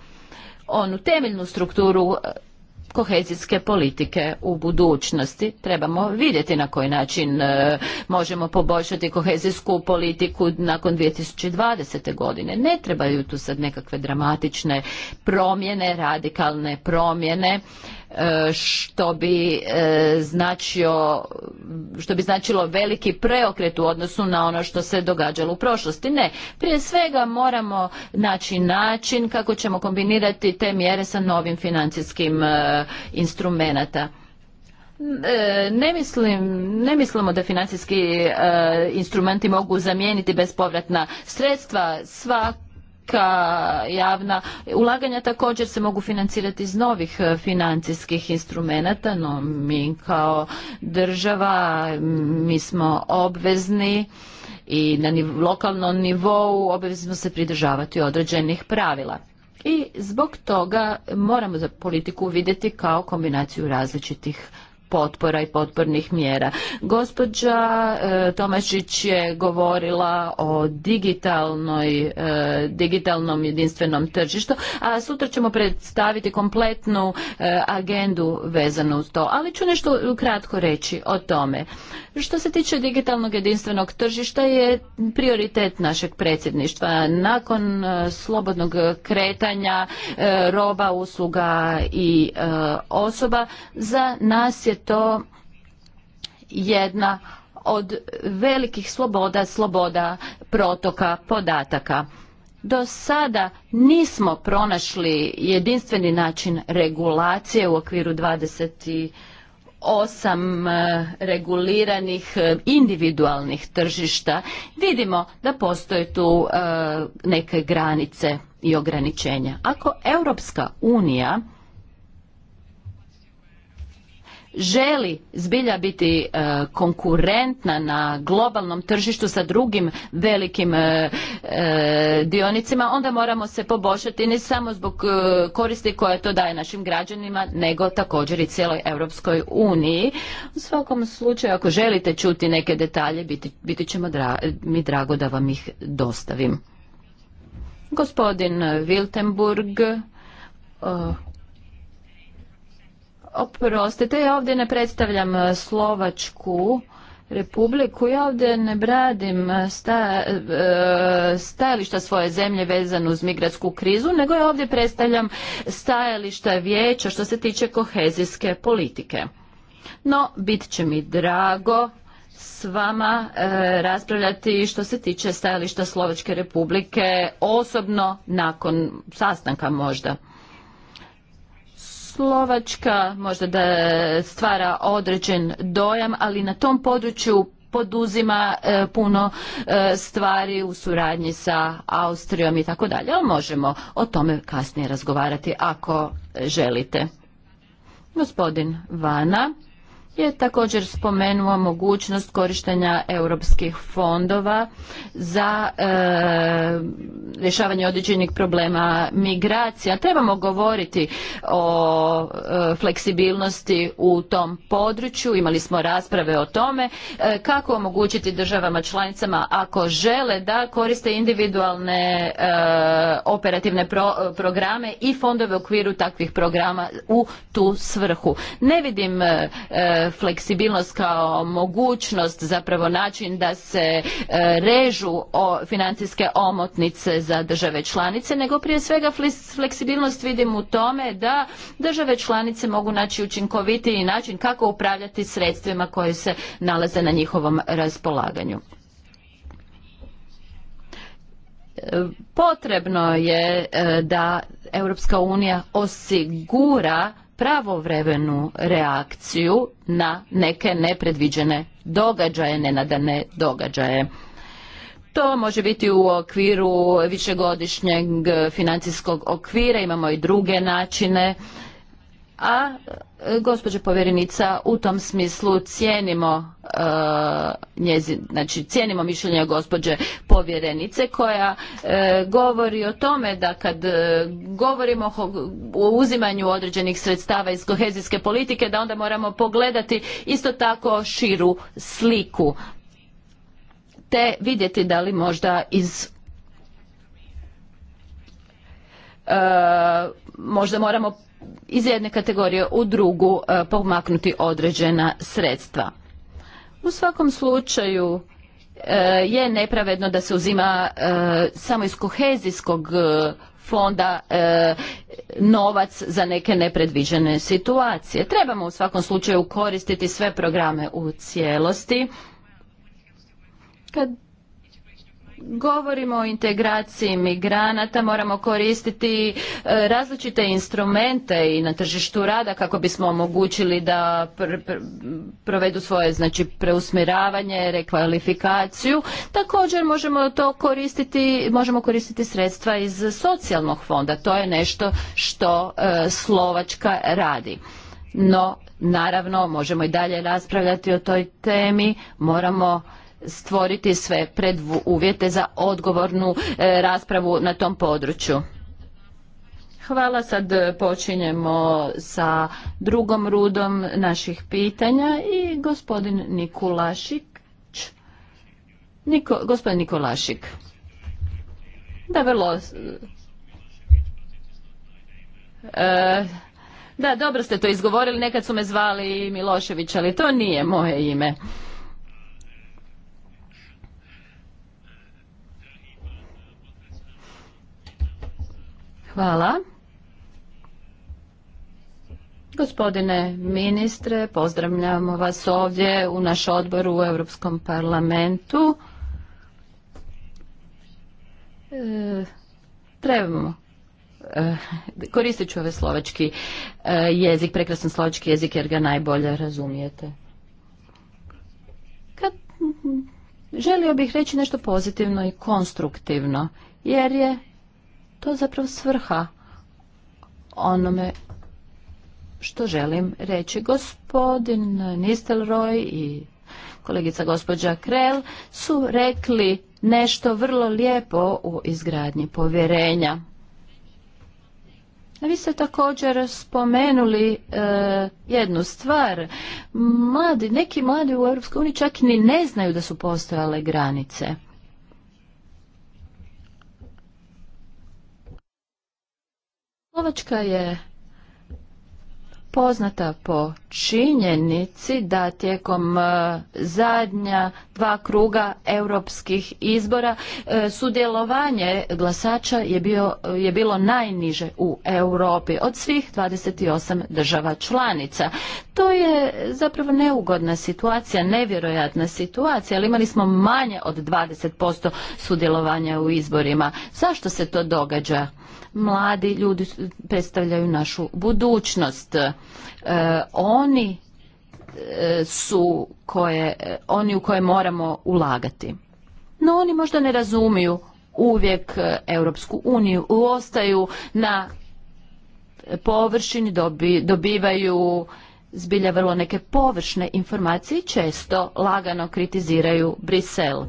onu temeljnu strukturu kohezijske politike u budućnosti. Trebamo vidjeti na koji način e, možemo poboljšati kohezijsku politiku nakon 2020. godine. Ne trebaju tu sad nekakve dramatične promjene, radikalne promjene E, što bi e, značio što bi značilo veliki preokret u odnosu na ono što se događalo u prošlosti. Ne, prije svega moramo naći način kako ćemo kombinirati te mjere sa novim financijskim e, instrumenata. Ne, mislim, ne mislimo da financijski instrumenti mogu zamijeniti bespovratna sredstva. Svak, javna ulaganja također se mogu financirati iz novih e, financijskih instrumenata, no mi kao država mi smo obvezni i na lokalnom nivou obvezno se pridržavati određenih pravila. I zbog toga moramo za politiku vidjeti kao kombinaciju različitih potpora i potpornih mjera. Gospođa e, Tomašić je govorila o digitalnoj, e, digitalnom jedinstvenom tržištu, a sutra ćemo predstaviti kompletnu e, agendu vezanu uz to, ali ću nešto kratko reći o tome. Što se tiče digitalnog jedinstvenog tržišta je prioritet našeg predsjedništva. Nakon slobodnog kretanja roba, usluga i osoba za nas je to jedna od velikih sloboda, sloboda protoka podataka. Do sada nismo pronašli jedinstveni način regulacije u okviru 28 eh, reguliranih eh, individualnih tržišta vidimo da postoje tu eh, neke granice i ograničenja. Ako Europska unija želi zbilja biti e, konkurentna na globalnom tržištu sa drugim velikim e, e, dionicima, onda moramo se poboljšati ne samo zbog koristi koje to daje našim građanima, nego također i cijeloj Europskoj uniji. U svakom slučaju, ako želite čuti neke detalje, biti, biti ćemo mi drago da vam ih dostavim. Gospodin Wiltenburg, Oprostite, ja ovdje ne predstavljam e, Slovačku republiku. Ja ovdje ne bradim e, e, stajališta svoje zemlje vezano uz migratsku krizu, nego ja ovdje predstavljam stajališta vijeća što se tiče kohezijske politike. No, bit će mi drago s vama raspravljati što se tiče stajališta Slovačke republike, osobno nakon sastanka možda. Slovačka možda da stvara određen dojam, ali na tom području poduzima e, puno e, stvari u suradnji sa Austrijom i tako dalje. Ali možemo o tome kasnije razgovarati ako želite. Gospodin Vana je također spomenuo mogućnost korištenja europskih fondova za e, rješavanje određenih problema migracija. Trebamo govoriti o e, fleksibilnosti u tom području, imali smo rasprave o tome e, kako omogućiti državama članicama ako žele da koriste individualne operativne programe i fondove u okviru takvih programa u tu svrhu. Ne vidim fleksibilnost kao mogućnost, zapravo način da se e, režu financijske omotnice za države članice, nego prije svega fleksibilnost vidim u tome da države članice mogu naći učinkovitiji način kako upravljati sredstvima koje se nalaze na njihovom raspolaganju potrebno je e, da Europska unija osigura pravovremenu reakciju na neke nepredviđene događaje, nenadane događaje. To može biti u okviru višegodišnjeg financijskog okvira, imamo i druge načine a e, gospođa povjerenica u tom smislu cijenimo e, znači cijenimo mišljenje gospođe povjerenice koja e, govori o tome da kad govorimo o uzimanju određenih sredstava iz kohezijske politike da onda moramo pogledati isto tako širu sliku te vidjeti da li možda iz možda moramo iz jedne kategorije u drugu e, pomaknuti određena sredstva. U svakom slučaju e, je nepravedno da se uzima e, samo iz kohezijskog fonda novac za neke nepredviđene situacije. Trebamo u svakom slučaju koristiti sve programe u cijelosti. Kad govorimo o integraciji migranata, moramo koristiti e, različite instrumente i na tržištu rada kako bismo omogućili da provedu svoje znači preusmjeravanje, rekvalifikaciju. Također možemo to koristiti, možemo koristiti sredstva iz socijalnog fonda. To je nešto što e, Slovačka radi. No, naravno, možemo i dalje raspravljati o toj temi, moramo stvoriti sve preduvjete za odgovornu e, raspravu na tom području. Hvala, sad počinjemo sa drugom rudom naših pitanja i gospodin Nikolašić. Niko, gospodin Nikolašik. Da, vrlo... E, da, dobro ste to izgovorili, nekad su me zvali Milošević, ali to nije moje ime. Hvala. Gospodine ministre, pozdravljamo vas ovdje u naš odboru u Europskom parlamentu. E, trebamo e, koristit ću ovaj slovački e, jezik, prekrasan slovački jezik jer ga najbolje razumijete. Kad želio bih reći nešto pozitivno i konstruktivno jer je to je zapravo svrha onome što želim reći. Gospodin Nistelroj i kolegica gospođa Krell su rekli nešto vrlo lijepo u izgradnji povjerenja. Vi ste također spomenuli e, jednu stvar. neki mladi u EU čak ni ne znaju da su postojale granice. Slovačka je poznata po činjenici da tijekom e, zadnja dva kruga europskih izbora e, sudjelovanje glasača je, je bilo najniže u Europi od svih 28 država članica. To je zapravo neugodna situacija, nevjerojatna situacija, ali imali smo manje od 20% sudjelovanja u izborima. Zašto se to događa? mladi ljudi predstavljaju našu budućnost. E, oni e, su koje, oni u koje moramo ulagati. No oni možda ne razumiju uvijek e, Europsku uniju, ostaju na površini, dobivaju zbilja vrlo neke površne informacije i često lagano kritiziraju Brisel.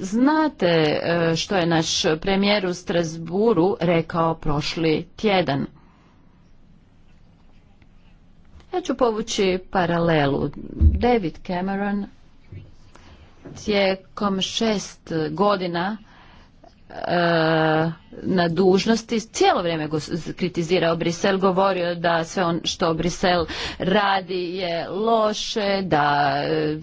Znate e, što je naš premijer u Strasburu rekao prošli tjedan. Ja ću povući paralelu. David Cameron tijekom šest godina E, na dužnosti cijelo vrijeme kritizirao Brisel, govorio da sve on što Brisel radi je loše, da e,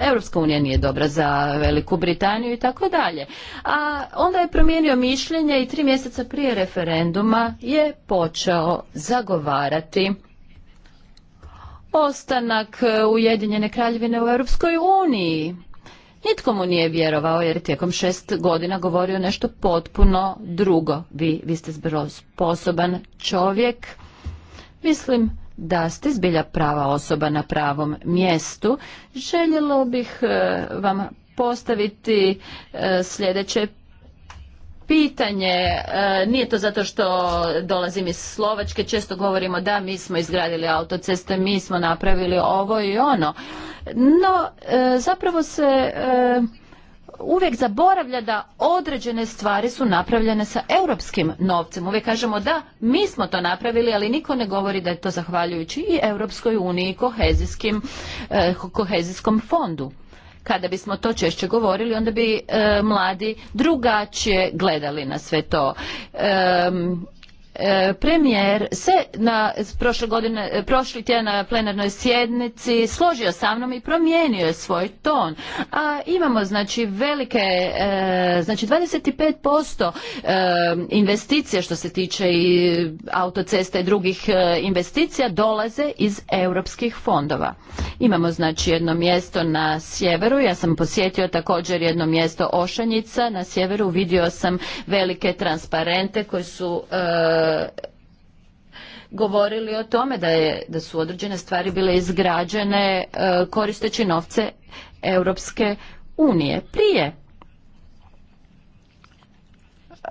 Europska unija nije dobra za Veliku Britaniju i tako dalje. A onda je promijenio mišljenje i tri mjeseca prije referenduma je počeo zagovarati ostanak Ujedinjene kraljevine u Europskoj uniji Nitko mu nije vjerovao jer tijekom šest godina govorio nešto potpuno drugo. Vi, vi ste zbro sposoban čovjek. Mislim da ste zbilja prava osoba na pravom mjestu. Željelo bih eh, vam postaviti eh, sljedeće pitanje. E, nije to zato što dolazim iz Slovačke, često govorimo da mi smo izgradili autoceste, mi smo napravili ovo i ono. No, e, zapravo se e, uvijek zaboravlja da određene stvari su napravljene sa europskim novcem. Uvijek kažemo da mi smo to napravili, ali niko ne govori da je to zahvaljujući i Europskoj uniji i kohezijskom fondu. Kada bismo to češće govorili, onda bi e, mladi drugačije gledali na sve to. E, premijer se na prošle godine, e, prošli tjedan na plenarnoj sjednici složio sa mnom i promijenio je svoj ton. A imamo znači velike, e, znači 25% investicija što se tiče i autocesta i drugih investicija dolaze iz europskih fondova. Imamo znači jedno mjesto na sjeveru, ja sam posjetio također jedno mjesto Ošanjica na sjeveru, vidio sam velike transparente koji su govorili o tome da, je, da su određene stvari bile izgrađene e, koristeći novce Europske unije. Prije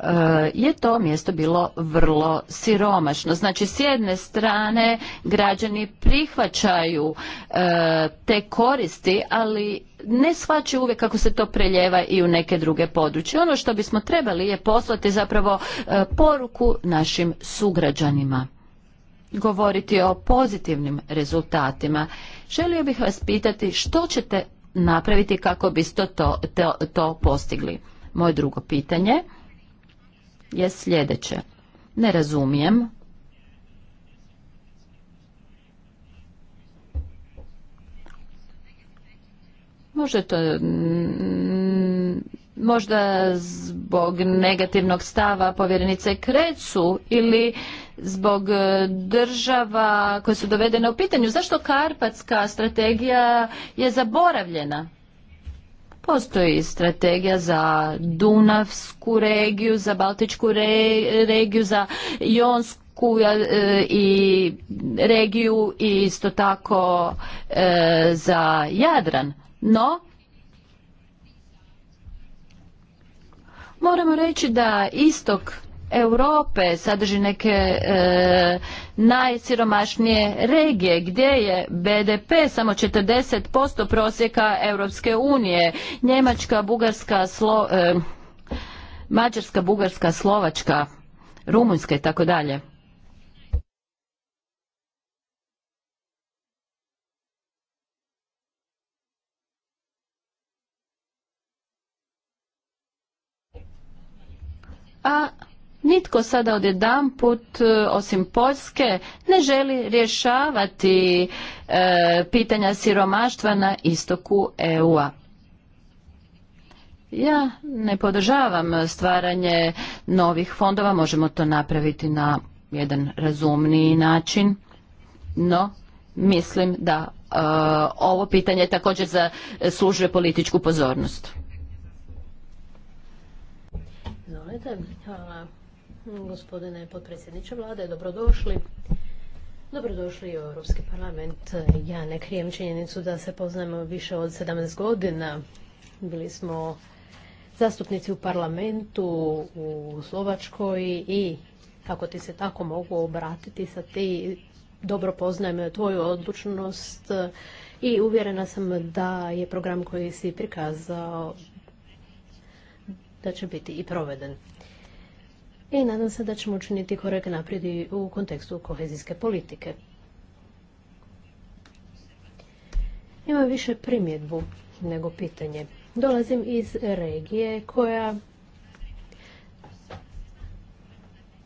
Eh, je to mjesto bilo vrlo siromašno. Znači s jedne strane građani prihvaćaju eh, te koristi, ali ne shvaćaju uvijek kako se to preljeva i u neke druge područje. Ono što bismo trebali je poslati zapravo eh, poruku našim sugrađanima. Govoriti o pozitivnim rezultatima. Želio bih vas pitati što ćete napraviti kako biste to, to, to postigli. Moje drugo pitanje je sljedeće. Ne razumijem to, mm, možda zbog negativnog stava povjerenice Krecu ili zbog e, država koje su dovedene u pitanju. Zašto karpatska strategija je zaboravljena? Postoji strategija za Dunavsku regiju, za Baltičku regiju, za Jonsku e, i regiju i isto tako e, za Jadran. No, moramo reći da istok Europe sadrži neke e, najsiromašnije regije gdje je BDP samo 40% prosjeka Europske unije. Njemačka, Bugarska, Slo, e, Mađarska, Bugarska, Slovačka, Rumunjska i tako dalje. A Nitko sada odjedanput e, osim Poljske ne želi rješavati e, pitanja siromaštva na istoku EU-a. Ja ne podržavam stvaranje novih fondova, možemo to napraviti na jedan razumniji način, no mislim da e, ovo pitanje također zaslužuje političku pozornost. hvala gospodine potpredsjedniče vlade, dobrodošli. Dobrodošli u Europski parlament. Ja ne krijem činjenicu da se poznajemo više od 17 godina. Bili smo zastupnici u parlamentu u Slovačkoj i kako ti se tako mogu obratiti sa ti dobro poznajem tvoju odlučnost i uvjerena sam da je program koji si prikazao da će biti i proveden i nadam se da ćemo učiniti korak naprijed u kontekstu kohezijske politike. Ima više primjedbu nego pitanje. Dolazim iz regije koja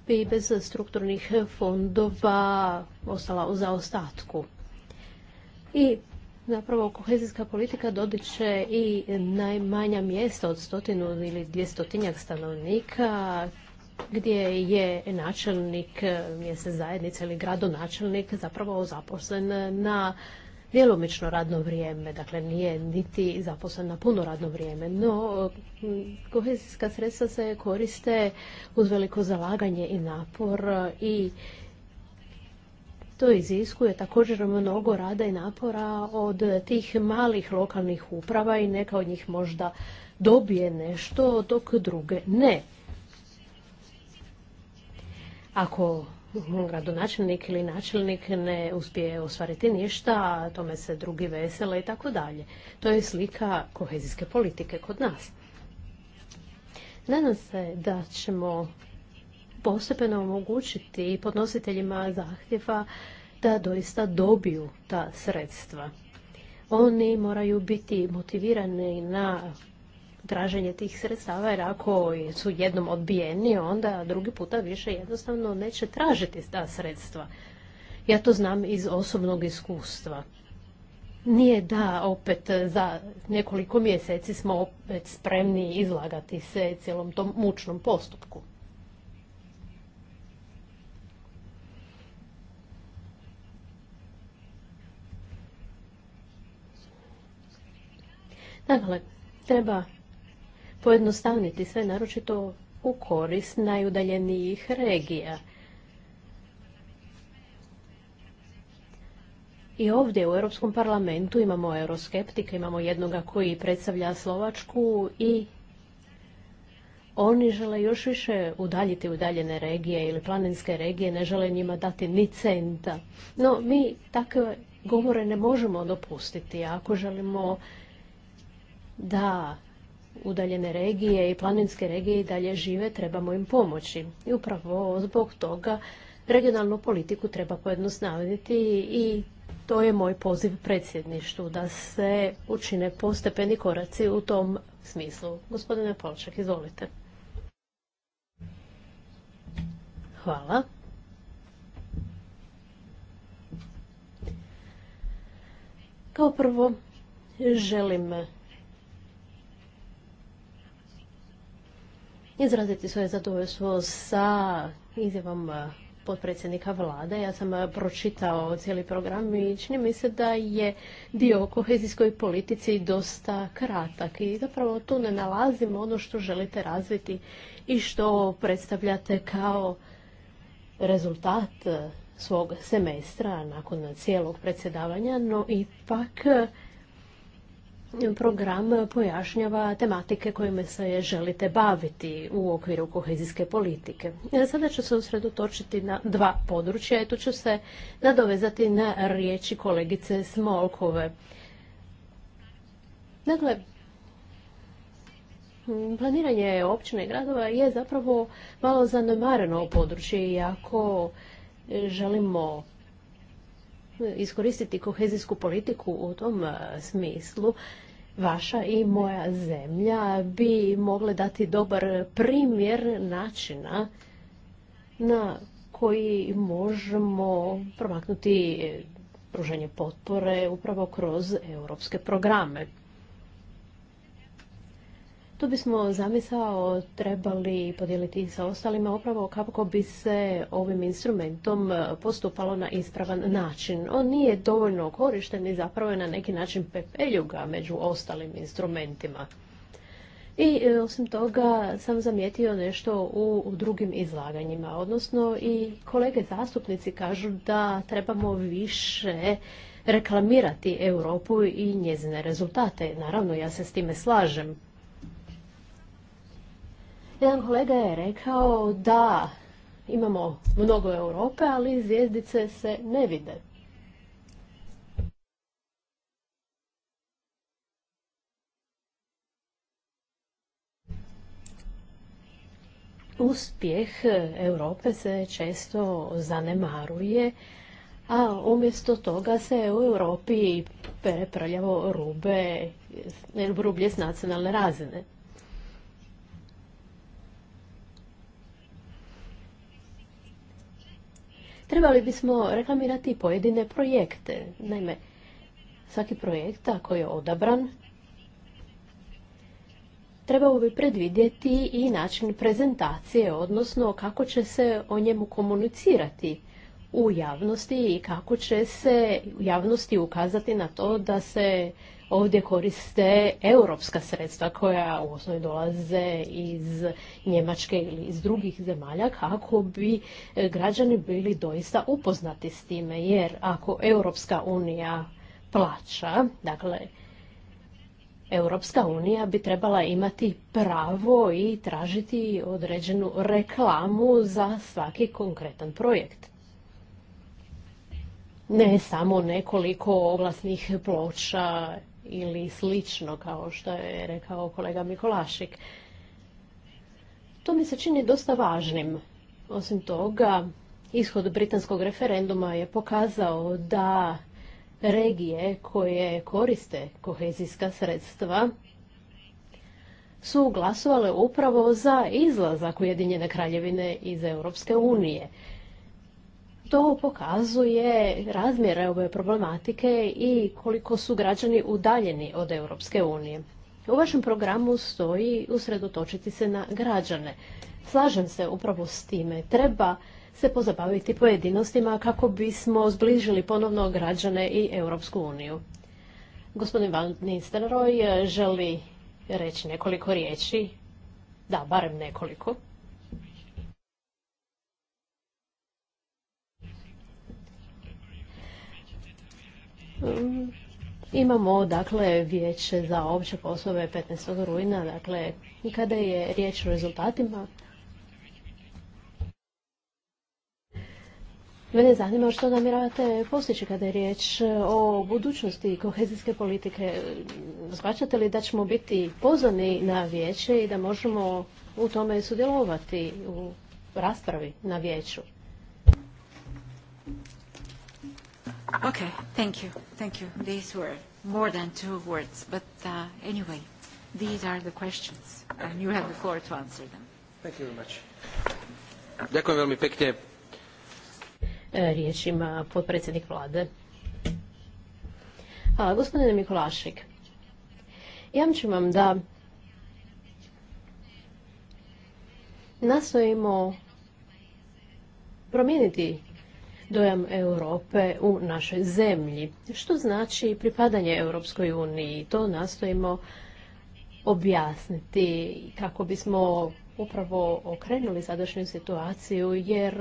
bi bez strukturnih fondova ostala u zaostatku. I zapravo kohezijska politika dotiče i najmanja mjesta od stotinu ili dvjestotinjak stanovnika gdje je načelnik e, mjesne zajednice ili gradonačelnik zapravo zaposlen na djelomično radno vrijeme, dakle nije niti zaposlen na puno radno vrijeme, no e, kohezijska sredstva se koriste uz veliko zalaganje i napor i to iziskuje također mnogo rada i napora od tih malih lokalnih uprava i neka od njih možda dobije nešto dok druge ne. Ako gradonačelnik ili načelnik ne uspije ostvariti ništa, a tome se drugi vesele i tako dalje. To je slika kohezijske politike kod nas. Nadam se da ćemo postepeno omogućiti podnositeljima zahtjeva da doista dobiju ta sredstva. Oni moraju biti motivirani na traženje tih sredstava jer ako su jednom odbijeni onda drugi puta više jednostavno neće tražiti ta sredstva. Ja to znam iz osobnog iskustva. Nije da opet za nekoliko mjeseci smo opet spremni izlagati se cijelom tom mučnom postupku. Dakle, treba pojednostavniti sve, naročito u korist najudaljenijih regija. I ovdje u Europskom parlamentu imamo euroskeptika, imamo jednoga koji predstavlja Slovačku i oni žele još više udaljiti udaljene regije ili planinske regije, ne žele njima dati ni centa. No, mi takve govore ne možemo dopustiti. Ako želimo da udaljene regije i planinske regije i dalje žive, trebamo im pomoći. I upravo zbog toga regionalnu politiku treba pojednostaviti i to je moj poziv predsjedništvu da se učine postepeni koraci u tom smislu. Gospodine Polčak, izvolite. Hvala. Kao prvo želim izraziti svoje zadovoljstvo sa izjavom eh, potpredsjednika vlade. Ja sam eh, pročitao cijeli program i čini mi se da je dio o kohezijskoj politici dosta kratak i zapravo tu ne nalazimo ono što želite razviti i što predstavljate kao rezultat eh, svog semestra nakon cijelog predsjedavanja, no ipak program pojašnjava tematike kojima se želite baviti u okviru kohezijske politike. E, sada ću se usredotočiti na dva područja i tu ću se nadovezati na riječi kolegice Smolkove. Dakle, planiranje općine i gradova je zapravo malo zanemareno područje i ako želimo iskoristiti kohezijsku politiku u tom e, smislu, vaša i moja zemlja bi mogle dati dobar primjer načina na koji možemo promaknuti pružanje potpore upravo kroz europske programe. Tu bismo zamisao trebali podijeliti sa ostalima upravo kako bi se ovim instrumentom e, postupalo na ispravan način. On nije dovoljno korišten i zapravo je na neki način pepeljuga među ostalim instrumentima. I e, osim toga sam zamijetio nešto u, u drugim izlaganjima, odnosno i kolege zastupnici kažu da trebamo više reklamirati Europu i njezine rezultate. Naravno, ja se s time slažem. Jedan kolega je rekao da imamo mnogo Europe, ali zvijezdice se ne vide. Uspjeh Europe se često zanemaruje, a umjesto toga se u Europi prljavo rube, rublje s nacionalne razine. trebali bismo reklamirati pojedine projekte. Naime, svaki projekt ako je odabran trebao bi predvidjeti i način prezentacije, odnosno kako će se o njemu komunicirati u javnosti i kako će se javnosti ukazati na to da se ovdje koriste europska sredstva koja u osnovi dolaze iz Njemačke ili iz drugih zemalja kako bi e, građani bili doista upoznati s time jer ako Europska unija plaća, dakle Europska unija bi trebala imati pravo i tražiti određenu reklamu za svaki konkretan projekt ne samo nekoliko oglasnih ploča ili slično, kao što je rekao kolega Mikolašik. To mi se čini dosta važnim. Osim toga, ishod britanskog referenduma je pokazao da regije koje koriste kohezijska sredstva su glasovale upravo za izlazak Ujedinjene kraljevine iz Europske unije. To pokazuje razmjere ove problematike i koliko su građani udaljeni od Europske unije. U vašem programu stoji usredotočiti se na građane. Slažem se upravo s time. Treba se pozabaviti pojedinostima kako bismo zbližili ponovno građane i Europsku uniju. Gospodin Van Nistelrooy želi reći nekoliko riječi. Da, barem nekoliko. Um, imamo dakle vijeće za opće poslove 15. rujna, dakle kada je riječ o rezultatima Mene zanima što namjeravate postići kada je riječ o budućnosti kohezijske politike. Zvaćate li da ćemo biti pozvani na vijeće i da možemo u tome sudjelovati u raspravi na vijeću? Okay, thank you. Thank you. These were more than two words, but uh, anyway, these are the questions, and you have the floor to answer them. Thank you very much. Ďakujem veľmi pekne. E, riječ ima potpredsjednik vlade. Hvala, gospodine Mikulašik. Jamčim vam da nastojimo promijeniti dojam Europe u našoj zemlji. Što znači pripadanje Europskoj uniji? To nastojimo objasniti kako bismo upravo okrenuli sadašnju situaciju jer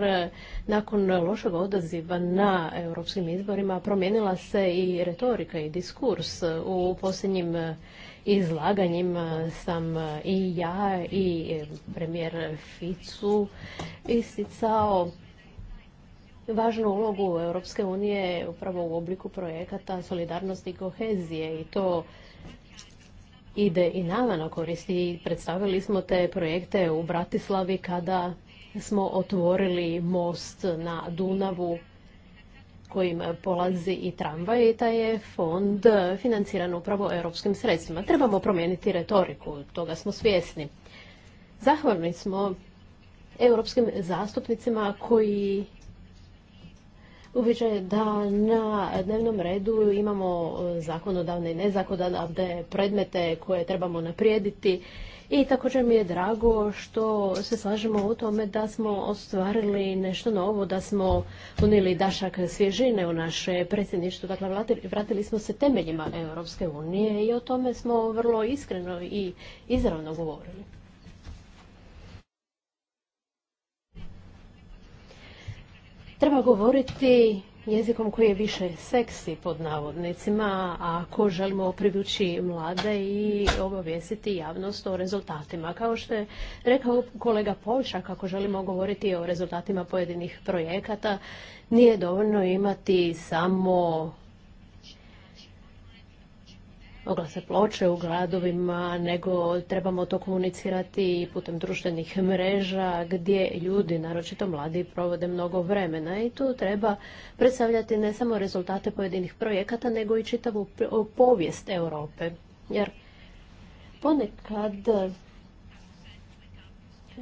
nakon lošeg odaziva na europskim izborima promijenila se i retorika i diskurs. U posljednjim izlaganjima sam i ja i premijer Ficu isticao važnu ulogu Europske unije upravo u obliku projekata solidarnosti i kohezije i to ide i nama na koristi. predstavili smo te projekte u Bratislavi kada smo otvorili most na Dunavu kojim polazi i tramvaj i taj je fond financiran upravo europskim sredstvima. Trebamo promijeniti retoriku, toga smo svjesni. Zahvalni smo europskim zastupnicima koji uviđaj da na dnevnom redu imamo e, zakonodavne i nezakonodavne predmete koje trebamo naprijediti i također mi je drago što se slažemo u tome da smo ostvarili nešto novo, da smo unili dašak svježine u naše predsjedništvo. Dakle, vratili smo se temeljima Europske unije i o tome smo vrlo iskreno i izravno govorili. Treba govoriti jezikom koji je više seksi pod navodnicima, a ako želimo privući mlade i obavijestiti javnost o rezultatima. Kao što je rekao kolega Polčak, ako želimo govoriti o rezultatima pojedinih projekata, nije dovoljno imati samo oglase ploče u gradovima, nego trebamo to komunicirati i putem društvenih mreža gdje ljudi, naročito mladi, provode mnogo vremena i tu treba predstavljati ne samo rezultate pojedinih projekata, nego i čitavu povijest Europe. Jer ponekad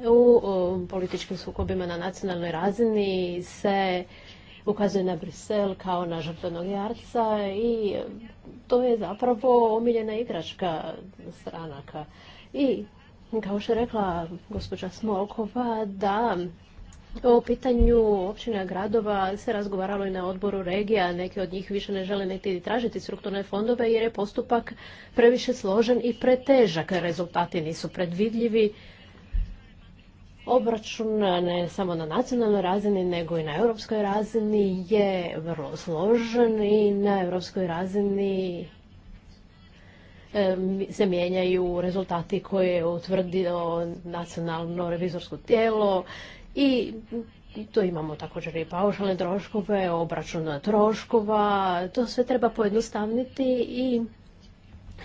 u političkim sukobima na nacionalnoj razini se ukazuje na Brisel kao na žrtvenog jarca i to je zapravo omiljena igračka stranaka. I kao što je rekla gospođa Smolkova, da o pitanju općina gradova se razgovaralo i na odboru regija. Neki od njih više ne žele niti tražiti strukturne fondove jer je postupak previše složen i pretežak. Rezultati nisu predvidljivi obračun ne samo na nacionalnoj razini nego i na europskoj razini je vrlo složen i na europskoj razini se mijenjaju rezultati koje je utvrdio nacionalno revizorsko tijelo i to imamo također i paušalne troškove, obračun troškova, to sve treba pojednostavniti i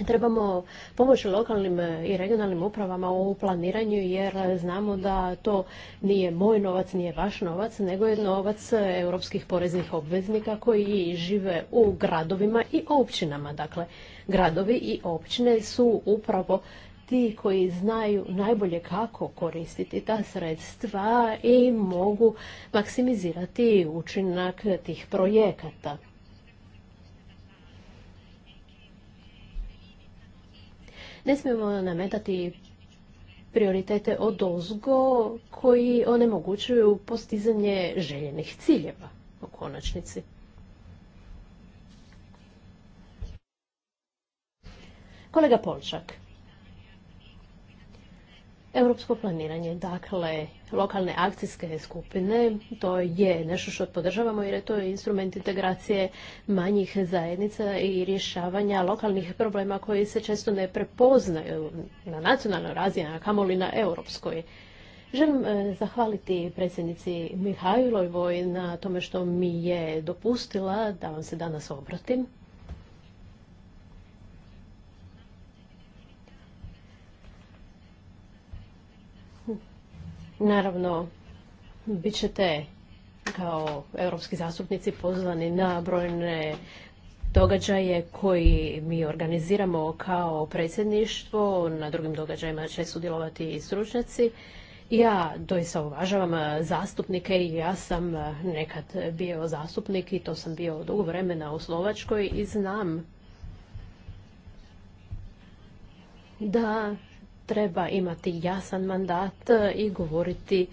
Trebamo pomoći lokalnim i regionalnim upravama u planiranju jer znamo da to nije moj novac, nije vaš novac, nego je novac europskih poreznih obveznika koji žive u gradovima i općinama. Dakle, gradovi i općine su upravo ti koji znaju najbolje kako koristiti ta sredstva i mogu maksimizirati učinak tih projekata. Ne smijemo nametati prioritete od ozgo koji onemogućuju postizanje željenih ciljeva u konačnici. Kolega Polčak. Europsko planiranje, dakle, lokalne akcijske skupine, to je nešto što podržavamo jer je to instrument integracije manjih zajednica i rješavanja lokalnih problema koji se često ne prepoznaju na nacionalnoj razini, a kamoli na europskoj. Želim e, zahvaliti predsjednici Mihajlovoj na tome što mi je dopustila da vam se danas obratim. Naravno, bit ćete kao europski zastupnici pozvani na brojne događaje koji mi organiziramo kao predsjedništvo. Na drugim događajima će sudjelovati i stručnjaci. Ja doista uvažavam zastupnike i ja sam nekad bio zastupnik i to sam bio dugo vremena u Slovačkoj i znam da treba imati jasan mandat e, i govoriti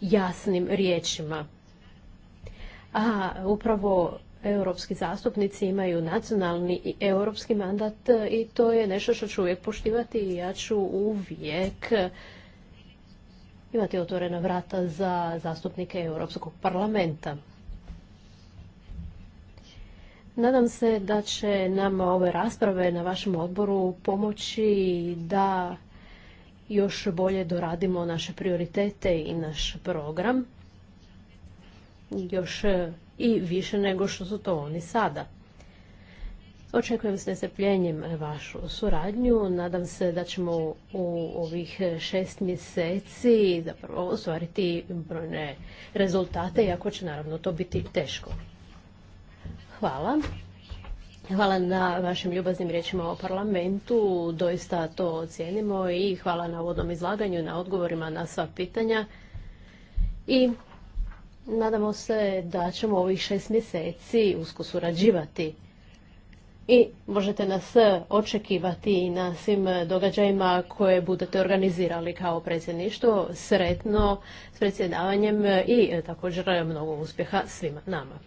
jasnim riječima. A upravo europski zastupnici imaju nacionalni i europski mandat e, i to je nešto što ću uvijek poštivati i ja ću uvijek imati otvorena vrata za zastupnike Europskog parlamenta. Nadam se da će nam ove rasprave na vašem odboru pomoći da još bolje doradimo naše prioritete i naš program, još e, i više nego što su to oni sada. Očekujem s nesrpljenjem vašu suradnju. Nadam se da ćemo u ovih šest mjeseci zapravo ostvariti brojne rezultate, iako će naravno to biti teško. Hvala. Hvala na vašim ljubaznim riječima o parlamentu. Doista to cijenimo i hvala na uvodnom izlaganju na odgovorima na sva pitanja. I nadamo se da ćemo ovih šest mjeseci usko surađivati. I možete nas očekivati i na svim događajima koje budete organizirali kao predsjedništvo. Sretno s predsjedavanjem i također mnogo uspjeha svima nama.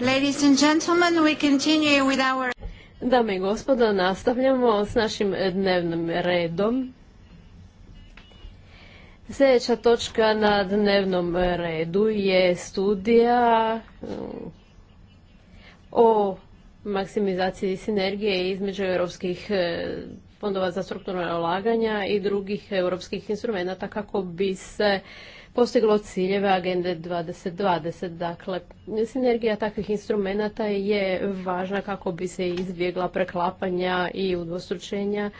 Ladies and gentlemen, Dame i gospodo, nastavljamo s našim dnevnim redom. Sljedeća točka na dnevnom redu je studija eh, o maksimizaciji sinergije između europskih eh, fondova za strukturna ulaganja i drugih europskih instrumenata kako bi se postiglo ciljeve Agende 2020. Dakle, sinergija takvih instrumenata je važna kako bi se izbjegla preklapanja i udvostručenja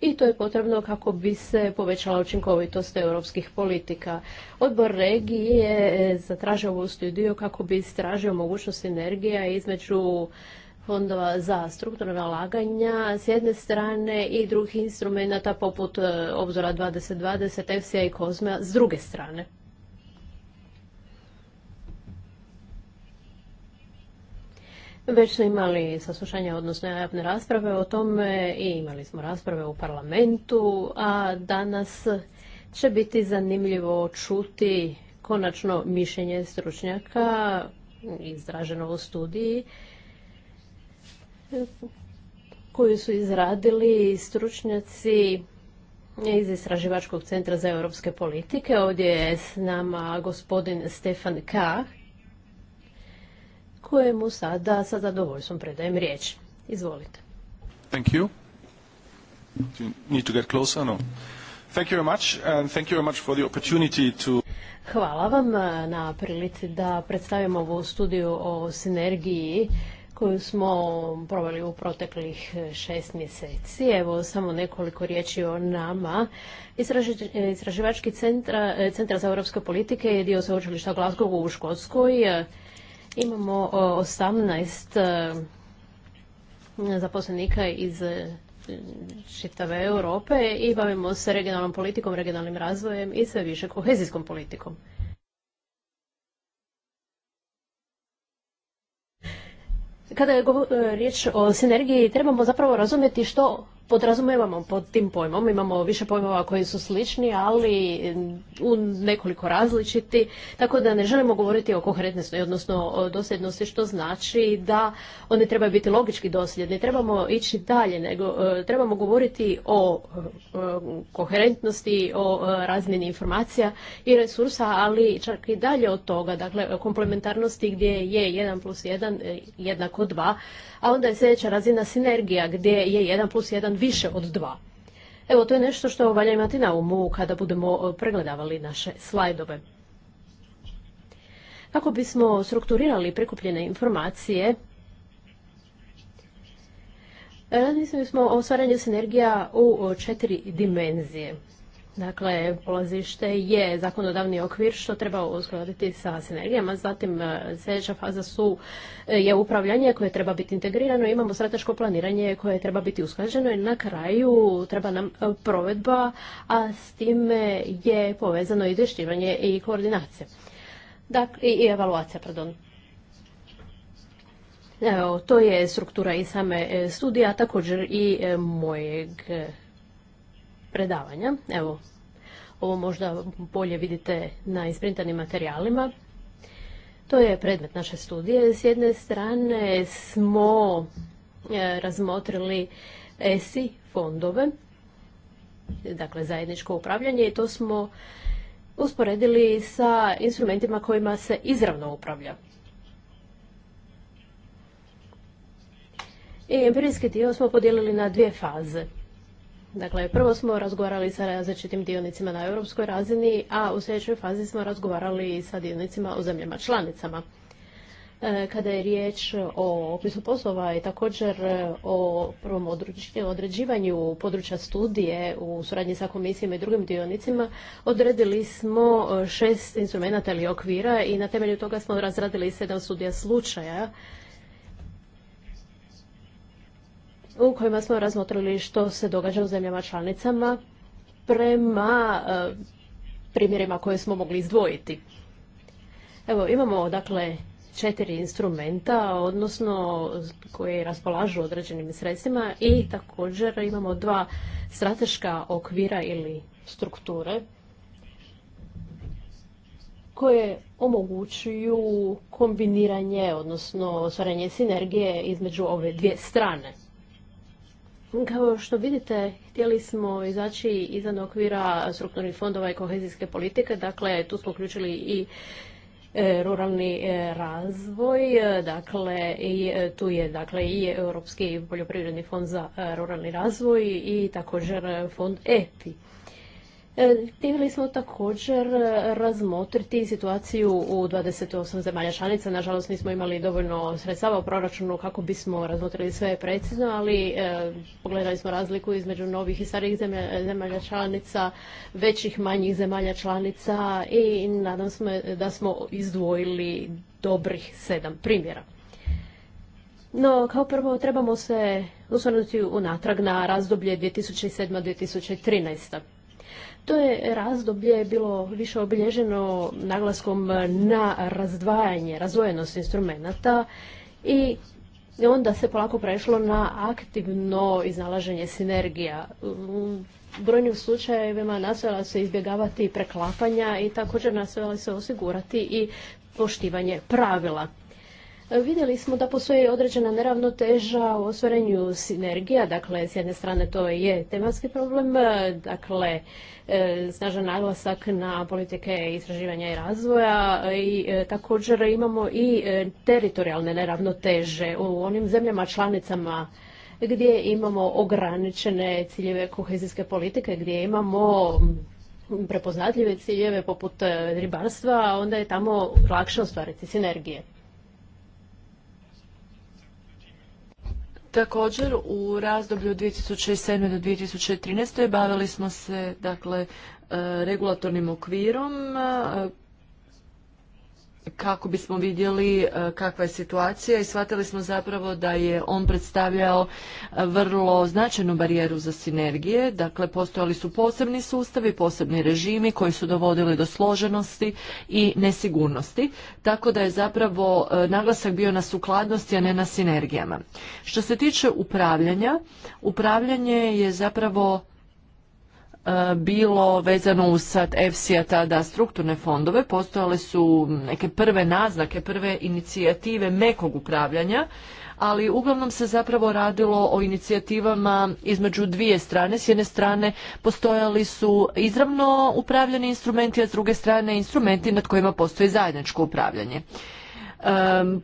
i to je potrebno kako bi se povećala učinkovitost europskih politika. Odbor regije je zatražio ovu studiju kako bi istražio mogućnost sinergija između fondova za strukturna ulaganja s jedne strane i drugih instrumenta poput e, obzora 2020, FCA i COSME s druge strane. Već smo imali saslušanje odnosno javne rasprave o tome i imali smo rasprave u parlamentu, a danas će biti zanimljivo čuti konačno mišljenje stručnjaka izraženo u studiji koju su izradili stručnjaci iz Istraživačkog centra za europske politike. Ovdje je s nama gospodin Stefan K. kojemu sada sa zadovoljstvom predajem riječ. Izvolite. Thank you. Hvala vam eh, na prilici da predstavimo ovu studiju o sinergiji koju smo proveli u proteklih šest mjeseci. Evo samo nekoliko riječi o nama. istraživački centra, centar za europske politike je dio sveučilišta Glasgow u Škotskoj. Imamo 18 e, e, zaposlenika iz e, čitave Europe i bavimo se regionalnom politikom, regionalnim razvojem i sve više kohezijskom politikom. kada je e, riječ o sinergiji, trebamo zapravo razumjeti što podrazumevamo pod tim pojmom. Imamo više pojmova koji su slični, ali u nekoliko različiti, tako da ne želimo govoriti o koherentnosti, odnosno o dosljednosti, što znači da oni trebaju biti logički dosljedni. Trebamo ići dalje, nego e, trebamo govoriti o e, koherentnosti, o e, razmjeni informacija i resursa, ali čak i dalje od toga, dakle, komplementarnosti gdje je 1 plus 1 jednako 2, a onda je sljedeća razina sinergija gdje je 1 plus 1 više od 2. Evo, to je nešto što valja imati na umu kada budemo e, pregledavali naše slajdove. Kako bismo strukturirali prikupljene informacije, e, radili smo o stvaranju sinergija u četiri dimenzije. Dakle, polazište je zakonodavni okvir što treba uskladiti sa sinergijama. Zatim, e, sljedeća faza su, e, je upravljanje koje treba biti integrirano. Imamo strateško planiranje koje treba biti usklađeno i na kraju treba nam e, provedba, a s time je povezano izvješćivanje i koordinacija. Dakle, i evaluacija, pardon. Evo, to je struktura i same studija, a također i mojeg predavanja. Evo, ovo možda bolje vidite na isprintanim materijalima. To je predmet naše studije. S jedne strane smo e, razmotrili ESI fondove, dakle zajedničko upravljanje i to smo usporedili sa instrumentima kojima se izravno upravlja. I empirijski dio smo podijelili na dvije faze. Dakle, prvo smo razgovarali sa različitim dionicima na europskoj razini, a u sljedećoj fazi smo razgovarali sa dionicima u zemljama članicama. E, kada je riječ o opisu poslova i također o prvom određivanju područja studije u suradnji sa komisijama i drugim dionicima, odredili smo šest instrumenta ili okvira i na temelju toga smo razradili sedam studija slučaja u kojima smo razmotrili što se događa u zemljama članicama prema e, primjerima koje smo mogli izdvojiti. Evo, imamo dakle četiri instrumenta, odnosno koje raspolažu određenim sredstvima i također imamo dva strateška okvira ili strukture koje omogućuju kombiniranje, odnosno ostvarenje sinergije između ove dvije strane. Kao što vidite, htjeli smo izaći izvan okvira strukturnih fondova i kohezijske politike, dakle tu smo uključili i e, ruralni e, razvoj, dakle e, tu je dakle i Europski poljoprivredni fond za ruralni razvoj i također fond EPI. E, htjeli smo također e, razmotriti situaciju u 28 zemalja članica. Nažalost nismo imali dovoljno sredstava u proračunu kako bismo razmotrili sve precizno, ali e, pogledali smo razliku između novih i starih zemalja, članica, većih, manjih zemalja članica i nadam se da smo izdvojili dobrih sedam primjera. No, kao prvo trebamo se u unatrag na razdoblje 2007-2013. To je razdoblje bilo više obilježeno naglaskom na razdvajanje, razvojenost instrumenta i onda se polako prešlo na aktivno iznalaženje sinergija. U brojnim slučajevima nastojala se izbjegavati preklapanja i također nastojala se osigurati i poštivanje pravila. E, vidjeli smo da postoji određena neravnoteža u ostvarenju sinergija, dakle s jedne strane to je tematski problem, e, dakle e, snažan naglasak na politike istraživanja i razvoja i također imamo i teritorijalne neravnoteže u onim zemljama članicama gdje imamo ograničene ciljeve kohezijske politike, gdje imamo prepoznatljive ciljeve poput ribarstva, onda je tamo lakše ostvariti sinergije. Također u razdoblju 2007. do 2013. bavili smo se dakle e, regulatornim okvirom kako bismo vidjeli e, kakva je situacija i shvatili smo zapravo da je on predstavljao e, vrlo značajnu barijeru za sinergije. Dakle, postojali su posebni sustavi, posebni režimi koji su dovodili do složenosti i nesigurnosti, tako da je zapravo e, naglasak bio na sukladnosti, a ne na sinergijama. Što se tiče upravljanja, upravljanje je zapravo E, bilo vezano uz sad EFSI-a tada strukturne fondove, postojale su neke prve naznake, prve inicijative mekog upravljanja, ali uglavnom se zapravo radilo o inicijativama između dvije strane. S jedne strane postojali su izravno upravljani instrumenti, a s druge strane instrumenti nad kojima postoji zajedničko upravljanje.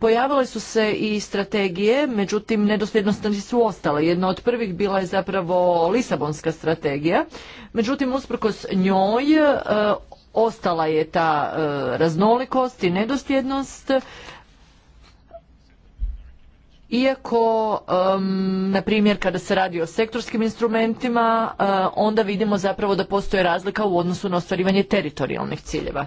Pojavile su se i strategije, međutim nedosljednosti su ostale. Jedna od prvih bila je zapravo Lisabonska strategija, međutim usprkos njoj e, ostala je ta e, raznolikost i nedosljednost iako, na primjer, kada se radi o sektorskim instrumentima, e, onda vidimo zapravo da postoje razlika u odnosu na ostvarivanje teritorijalnih ciljeva.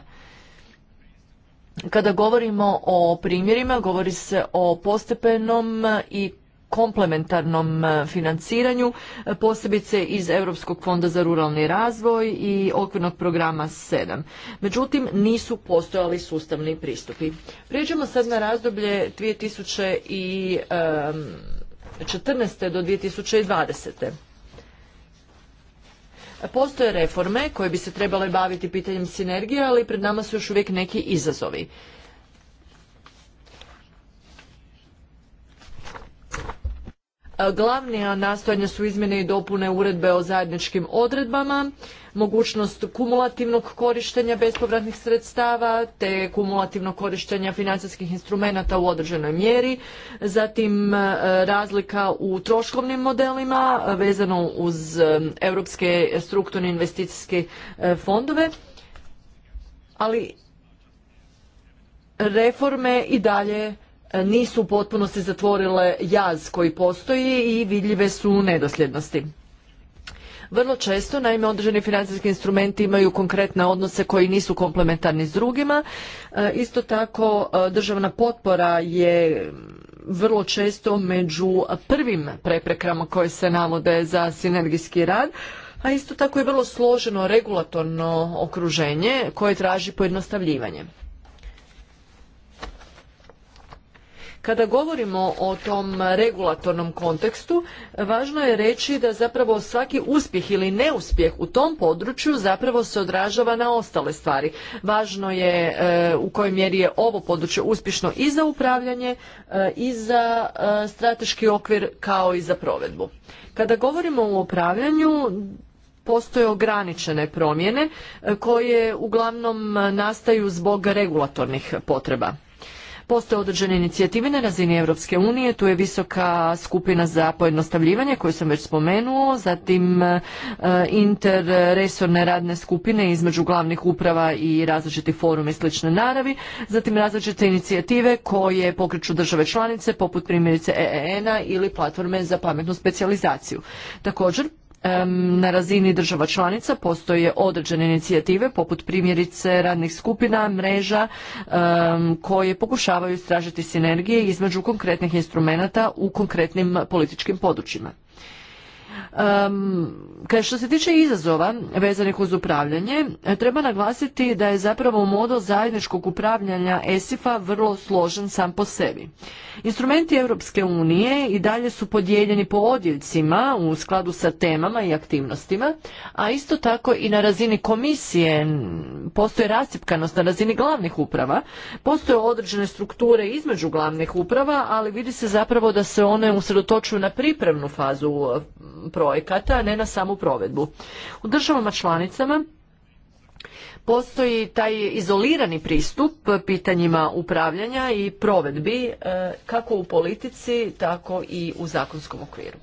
Kada govorimo o primjerima, govori se o postepenom i komplementarnom financiranju, posebice iz Europskog fonda za ruralni razvoj i okvirnog programa 7. Međutim, nisu postojali sustavni pristupi. Prijeđemo sad na razdoblje 2014. do 2020. Postoje reforme koje bi se trebale baviti pitanjem sinergije, ali pred nama su još uvijek neki izazovi. Glavnija nastojanja su izmjene i dopune uredbe o zajedničkim odredbama mogućnost kumulativnog korištenja bespovratnih sredstava te kumulativnog korištenja financijskih instrumenata u određenoj mjeri, zatim e, razlika u troškovnim modelima e, vezano uz e, europske strukturne investicijske fondove, ali reforme i dalje nisu u potpunosti zatvorile jaz koji postoji i vidljive su nedosljednosti. Vrlo često, naime, određeni financijski instrumenti imaju konkretne odnose koji nisu komplementarni s drugima. E, isto tako, e, državna potpora je vrlo često među prvim preprekama koje se navode za sinergijski rad, a isto tako je vrlo složeno regulatorno okruženje koje traži pojednostavljivanje. Kada govorimo o tom regulatornom kontekstu, važno je reći da zapravo svaki uspjeh ili neuspjeh u tom području zapravo se odražava na ostale stvari. Važno je e, u kojoj mjeri je ovo područje uspješno i za upravljanje e, i za e, strateški okvir kao i za provedbu. Kada govorimo o upravljanju, postoje ograničene promjene koje uglavnom nastaju zbog regulatornih potreba. Postoje određene inicijative na razini Europske unije, tu je visoka skupina za pojednostavljivanje koju sam već spomenuo, zatim e, interresorne radne skupine između glavnih uprava i različiti forumi slične naravi, zatim različite inicijative koje pokreću države članice poput primjerice EEN-a ili platforme za pametnu specijalizaciju. Također na razini država članica postoje određene inicijative poput primjerice radnih skupina, mreža koje pokušavaju istražiti sinergije između konkretnih instrumenata u konkretnim političkim područjima što se tiče izazova vezanih uz upravljanje, e, treba naglasiti da je zapravo model zajedničkog upravljanja ESIF-a vrlo složen sam po sebi. Instrumenti Europske unije i dalje su podijeljeni po odjeljcima u skladu sa temama i aktivnostima, a isto tako i na razini komisije postoje rasipkanost na razini glavnih uprava, postoje određene strukture između glavnih uprava, ali vidi se zapravo da se one usredotočuju na pripremnu fazu projekata, ne na samu provedbu. U državama članicama postoji taj izolirani pristup pitanjima upravljanja i provedbi e, kako u politici, tako i u zakonskom okviru.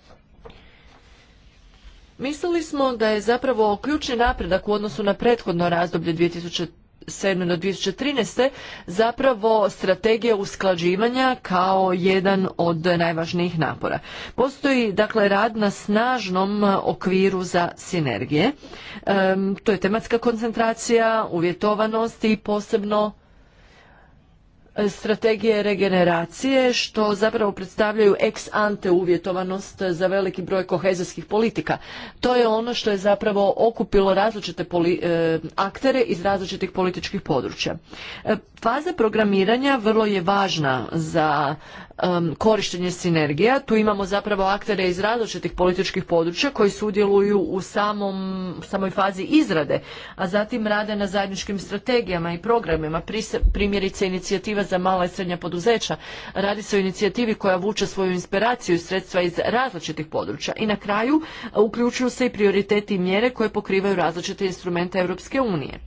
Mislili smo da je zapravo ključni napredak u odnosu na prethodno razdoblje 2000 2007. do 2013. zapravo strategija usklađivanja kao jedan od najvažnijih napora. Postoji dakle rad na snažnom okviru za sinergije. to je tematska koncentracija, uvjetovanost i posebno strategije regeneracije što zapravo predstavljaju ex ante uvjetovanost za veliki broj kohezijskih politika. To je ono što je zapravo okupilo različite e, aktere iz različitih političkih područja. E, faza programiranja vrlo je važna za um, korištenje sinergija. Tu imamo zapravo aktere iz različitih političkih područja koji sudjeluju u samoj fazi izrade, a zatim rade na zajedničkim strategijama i programima, primjerice inicijativa za mala i srednja poduzeća. Radi se o inicijativi koja vuče svoju inspiraciju i sredstva iz različitih područja. I na kraju uključuju se i prioriteti i mjere koje pokrivaju različite instrumente Europske unije.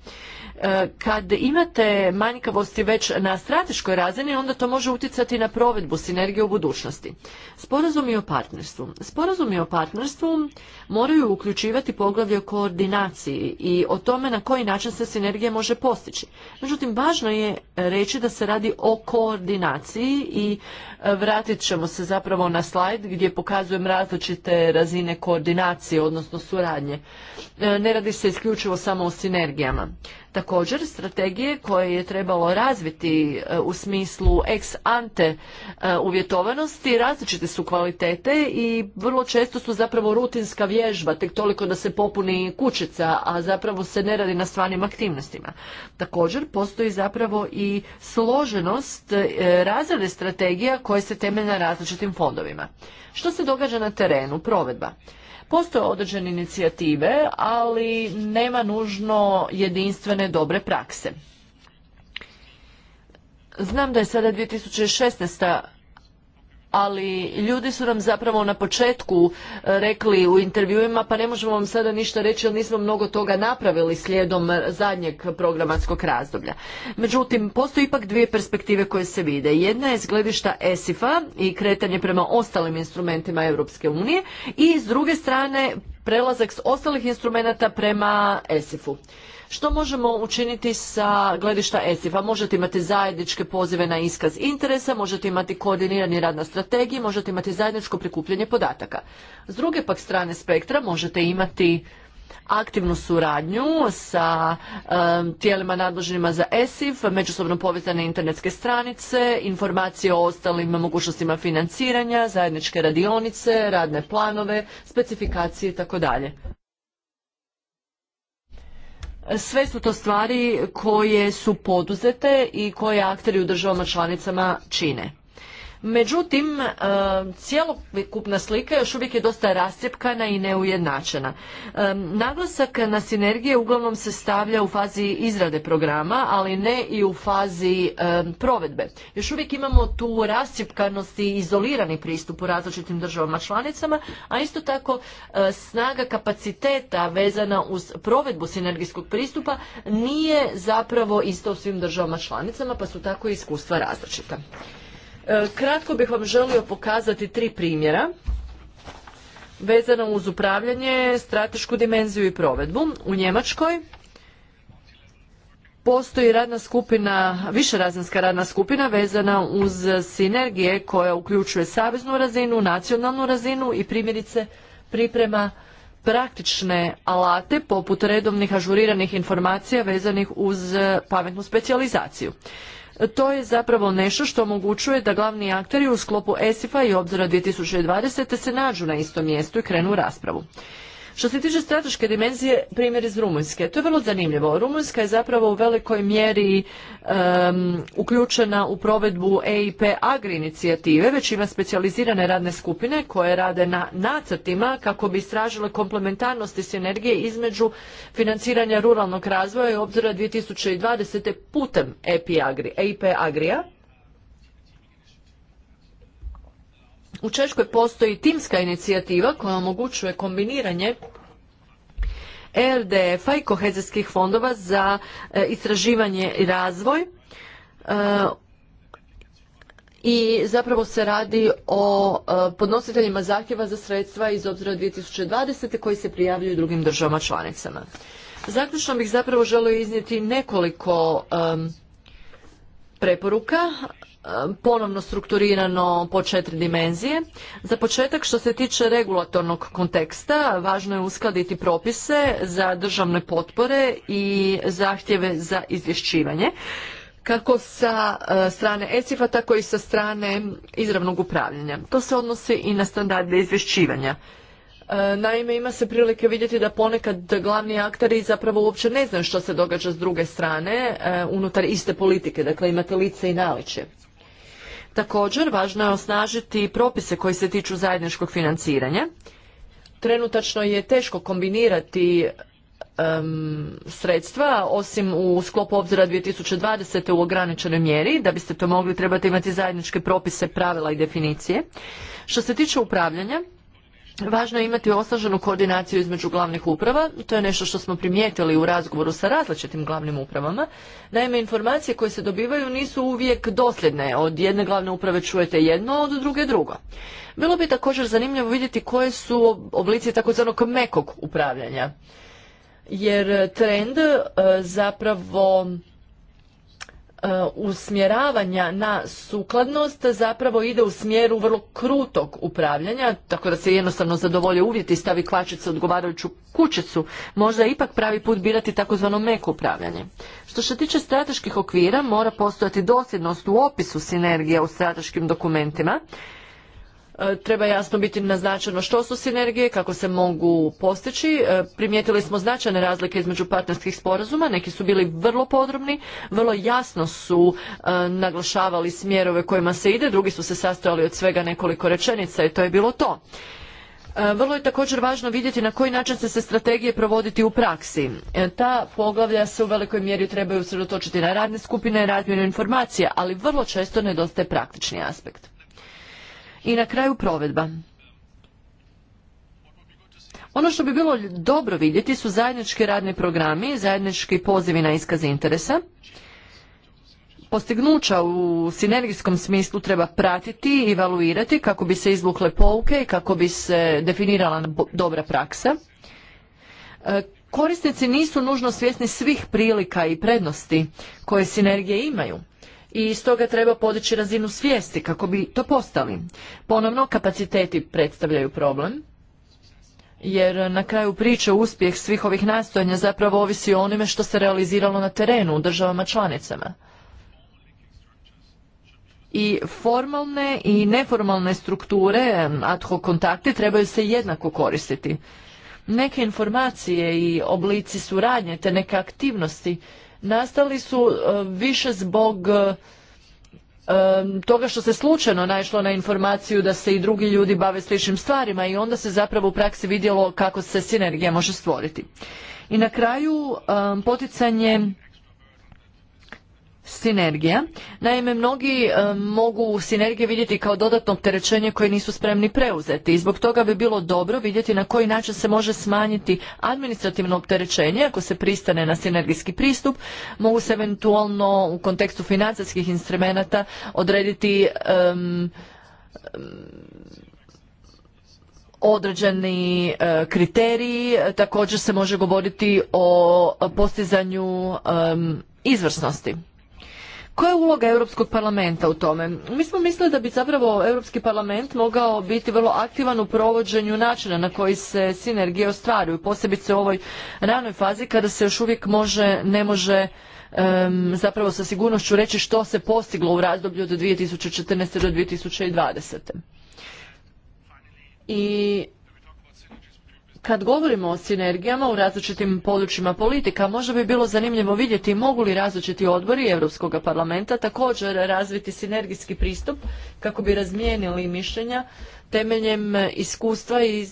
E, kad imate manjkavosti već na strateškoj razini, onda to može utjecati na provedbu sinergije u budućnosti. Sporazumi o partnerstvu. Sporazumi o partnerstvu moraju uključivati poglavlje o koordinaciji i o tome na koji način se sinergija može postići. Međutim, važno je reći da se radi o koordinaciji i e, vratit ćemo se zapravo na slajd gdje pokazujem različite razine koordinacije, odnosno suradnje. E, ne radi se isključivo samo o sinergijama. Također, strategije koje je trebalo razviti e, u smislu ex ante e, uvjetovanosti različite su kvalitete i vrlo često su zapravo rutinska vježba, tek toliko da se popuni kućica, a zapravo se ne radi na stvarnim aktivnostima. Također, postoji zapravo i složenost e, razrede strategija koje se temelje na različitim fondovima. Što se događa na terenu? Provedba. Postoje određene inicijative, ali nema nužno jedinstvene dobre prakse. Znam da je sada 2016 ali ljudi su nam zapravo na početku e, rekli u intervjuima pa ne možemo vam sada ništa reći jer nismo mnogo toga napravili slijedom zadnjeg programatskog razdoblja. Međutim, postoji ipak dvije perspektive koje se vide. Jedna je zgledišta ESIF-a i kretanje prema ostalim instrumentima Europske unije i s druge strane prelazak s ostalih instrumenata prema ESIF-u. Što možemo učiniti sa gledišta ESIF-a? Možete imati zajedničke pozive na iskaz interesa, možete imati koordinirani rad na strategiji, možete imati zajedničko prikupljanje podataka. S druge pak strane spektra možete imati aktivnu suradnju sa tijelima nadloženima za ESIF, međusobno povezane internetske stranice, informacije o ostalim mogućnostima financiranja, zajedničke radionice, radne planove, specifikacije i tako dalje. Sve su to stvari koje su poduzete i koje akteri u državama članicama čine. Međutim, e, cjelokupna slika još uvijek je dosta rastjepkana i neujednačena. E, naglasak na sinergije uglavnom se stavlja u fazi izrade programa, ali ne i u fazi e, provedbe. Još uvijek imamo tu rastjepkanost i izolirani pristup u različitim državama članicama, a isto tako snaga kapaciteta vezana uz provedbu sinergijskog pristupa nije zapravo isto u svim državama članicama, pa su tako i iskustva različita. E, kratko bih vam želio pokazati tri primjera vezano uz upravljanje, stratešku dimenziju i provedbu. U Njemačkoj postoji radna skupina, višerazinska radna skupina vezana uz sinergije koja uključuje saveznu razinu, nacionalnu razinu i primjerice priprema praktične alate poput redovnih ažuriranih informacija vezanih uz pametnu specijalizaciju. To je zapravo nešto što omogućuje da glavni akteri u sklopu ESIF-a i obzora 2020. se nađu na istom mjestu i krenu u raspravu. Što se tiče strateške dimenzije, primjer iz Rumunjske. To je vrlo zanimljivo. Rumunjska je zapravo u velikoj mjeri uključena u provedbu EIP Agri inicijative, već ima specijalizirane radne skupine koje rade na nacrtima kako bi istražile komplementarnosti sinergije između financiranja ruralnog razvoja i obzora 2020. putem EIP Agri, e Agrija U Češkoj postoji timska inicijativa koja omogućuje kombiniranje ERDF-a i kohezijskih fondova za e, istraživanje i razvoj e, i zapravo se radi o e, podnositeljima zahtjeva za sredstva iz obzira 2020. koji se prijavljuju drugim državama članicama. Zaključno bih zapravo želio iznijeti nekoliko preporuka ponovno strukturirano po četiri dimenzije. Za početak što se tiče regulatornog konteksta, važno je uskladiti propise za državne potpore i zahtjeve za izvješćivanje kako sa e, strane ECIF-a, tako i sa strane izravnog upravljanja. To se odnosi i na standarde izvješćivanja. E, naime, ima se prilike vidjeti da ponekad glavni aktari zapravo uopće ne znaju što se događa s druge strane e, unutar iste politike, dakle imate lice i naličje. Također, važno je osnažiti propise koji se tiču zajedničkog financiranja. Trenutačno je teško kombinirati sredstva, osim u sklopu obzira 2020. u ograničenoj mjeri. Da biste to mogli, trebate imati zajedničke propise, pravila i definicije. Što se tiče upravljanja, Važno je imati osnaženu koordinaciju između glavnih uprava, to je nešto što smo primijetili u razgovoru sa različitim glavnim upravama. Naime, informacije koje se dobivaju nisu uvijek dosljedne, od jedne glavne uprave čujete jedno, od druge drugo. Bilo bi također zanimljivo vidjeti koje su oblici takozvanog mekog upravljanja, jer trend e, zapravo E, usmjeravanja na sukladnost zapravo ide u smjeru vrlo krutog upravljanja, tako da se jednostavno zadovolje uvjeti i stavi kvačicu odgovarajuću kućicu. Možda je ipak pravi put birati takozvano meko upravljanje. Što se tiče strateških okvira, mora postojati dosljednost u opisu sinergija u strateškim dokumentima E, treba jasno biti naznačeno što su sinergije, kako se mogu postići. E, primijetili smo značajne razlike između partnerskih sporazuma, neki su bili vrlo podrobni, vrlo jasno su e, naglašavali smjerove kojima se ide, drugi su se sastojali od svega nekoliko rečenica i to je bilo to. Vrlo je također važno vidjeti na koji način se strategije provoditi u praksi. Ta poglavlja se u velikoj mjeri trebaju usredotočiti na radne skupine, razmjenu informacija, ali vrlo često nedostaje praktični aspekt. I na kraju provedba. Ono što bi bilo dobro vidjeti su zajednički radni programi, zajednički pozivi na iskaz interesa. Postignuća u sinergijskom smislu treba pratiti i evaluirati kako bi se izvukle pouke i kako bi se definirala dobra praksa. E, korisnici nisu nužno svjesni svih prilika i prednosti koje sinergije imaju i stoga treba podići razinu svijesti kako bi to postali. Ponovno, kapaciteti predstavljaju problem, jer na kraju priče uspjeh svih ovih nastojanja zapravo ovisi o onime što se realiziralo na terenu u državama članicama. I formalne i neformalne strukture, ad hoc kontakti, trebaju se jednako koristiti. Neke informacije i oblici suradnje te neke aktivnosti nastali su e, više zbog e, e, toga što se slučajno naišlo na informaciju da se i drugi ljudi bave sličnim stvarima i onda se zapravo u praksi vidjelo kako se sinergija može stvoriti. I na kraju poticanje sinergija. Naime, mnogi e, mogu sinergije vidjeti kao dodatno opterećenje koje nisu spremni preuzeti i zbog toga bi bilo dobro vidjeti na koji način se može smanjiti administrativno opterećenje ako se pristane na sinergijski pristup. Mogu se eventualno u kontekstu financijskih instrumenata odrediti određeni e, kriteriji, također se može govoriti o postizanju izvrsnosti. Koja je uloga Europskog parlamenta u tome? Mi smo mislili da bi zapravo Europski parlament mogao biti vrlo aktivan u provođenju načina na koji se sinergije ostvaruju, posebice u ovoj ranoj fazi kada se još uvijek može, ne može zapravo sa sigurnošću reći što se postiglo u razdoblju od 2014. do 2020. I kad govorimo o sinergijama u različitim područjima politika, možda bi bilo zanimljivo vidjeti mogu li različiti odbori Europskog parlamenta također razviti sinergijski pristup kako bi razmijenili mišljenja temeljem iskustva i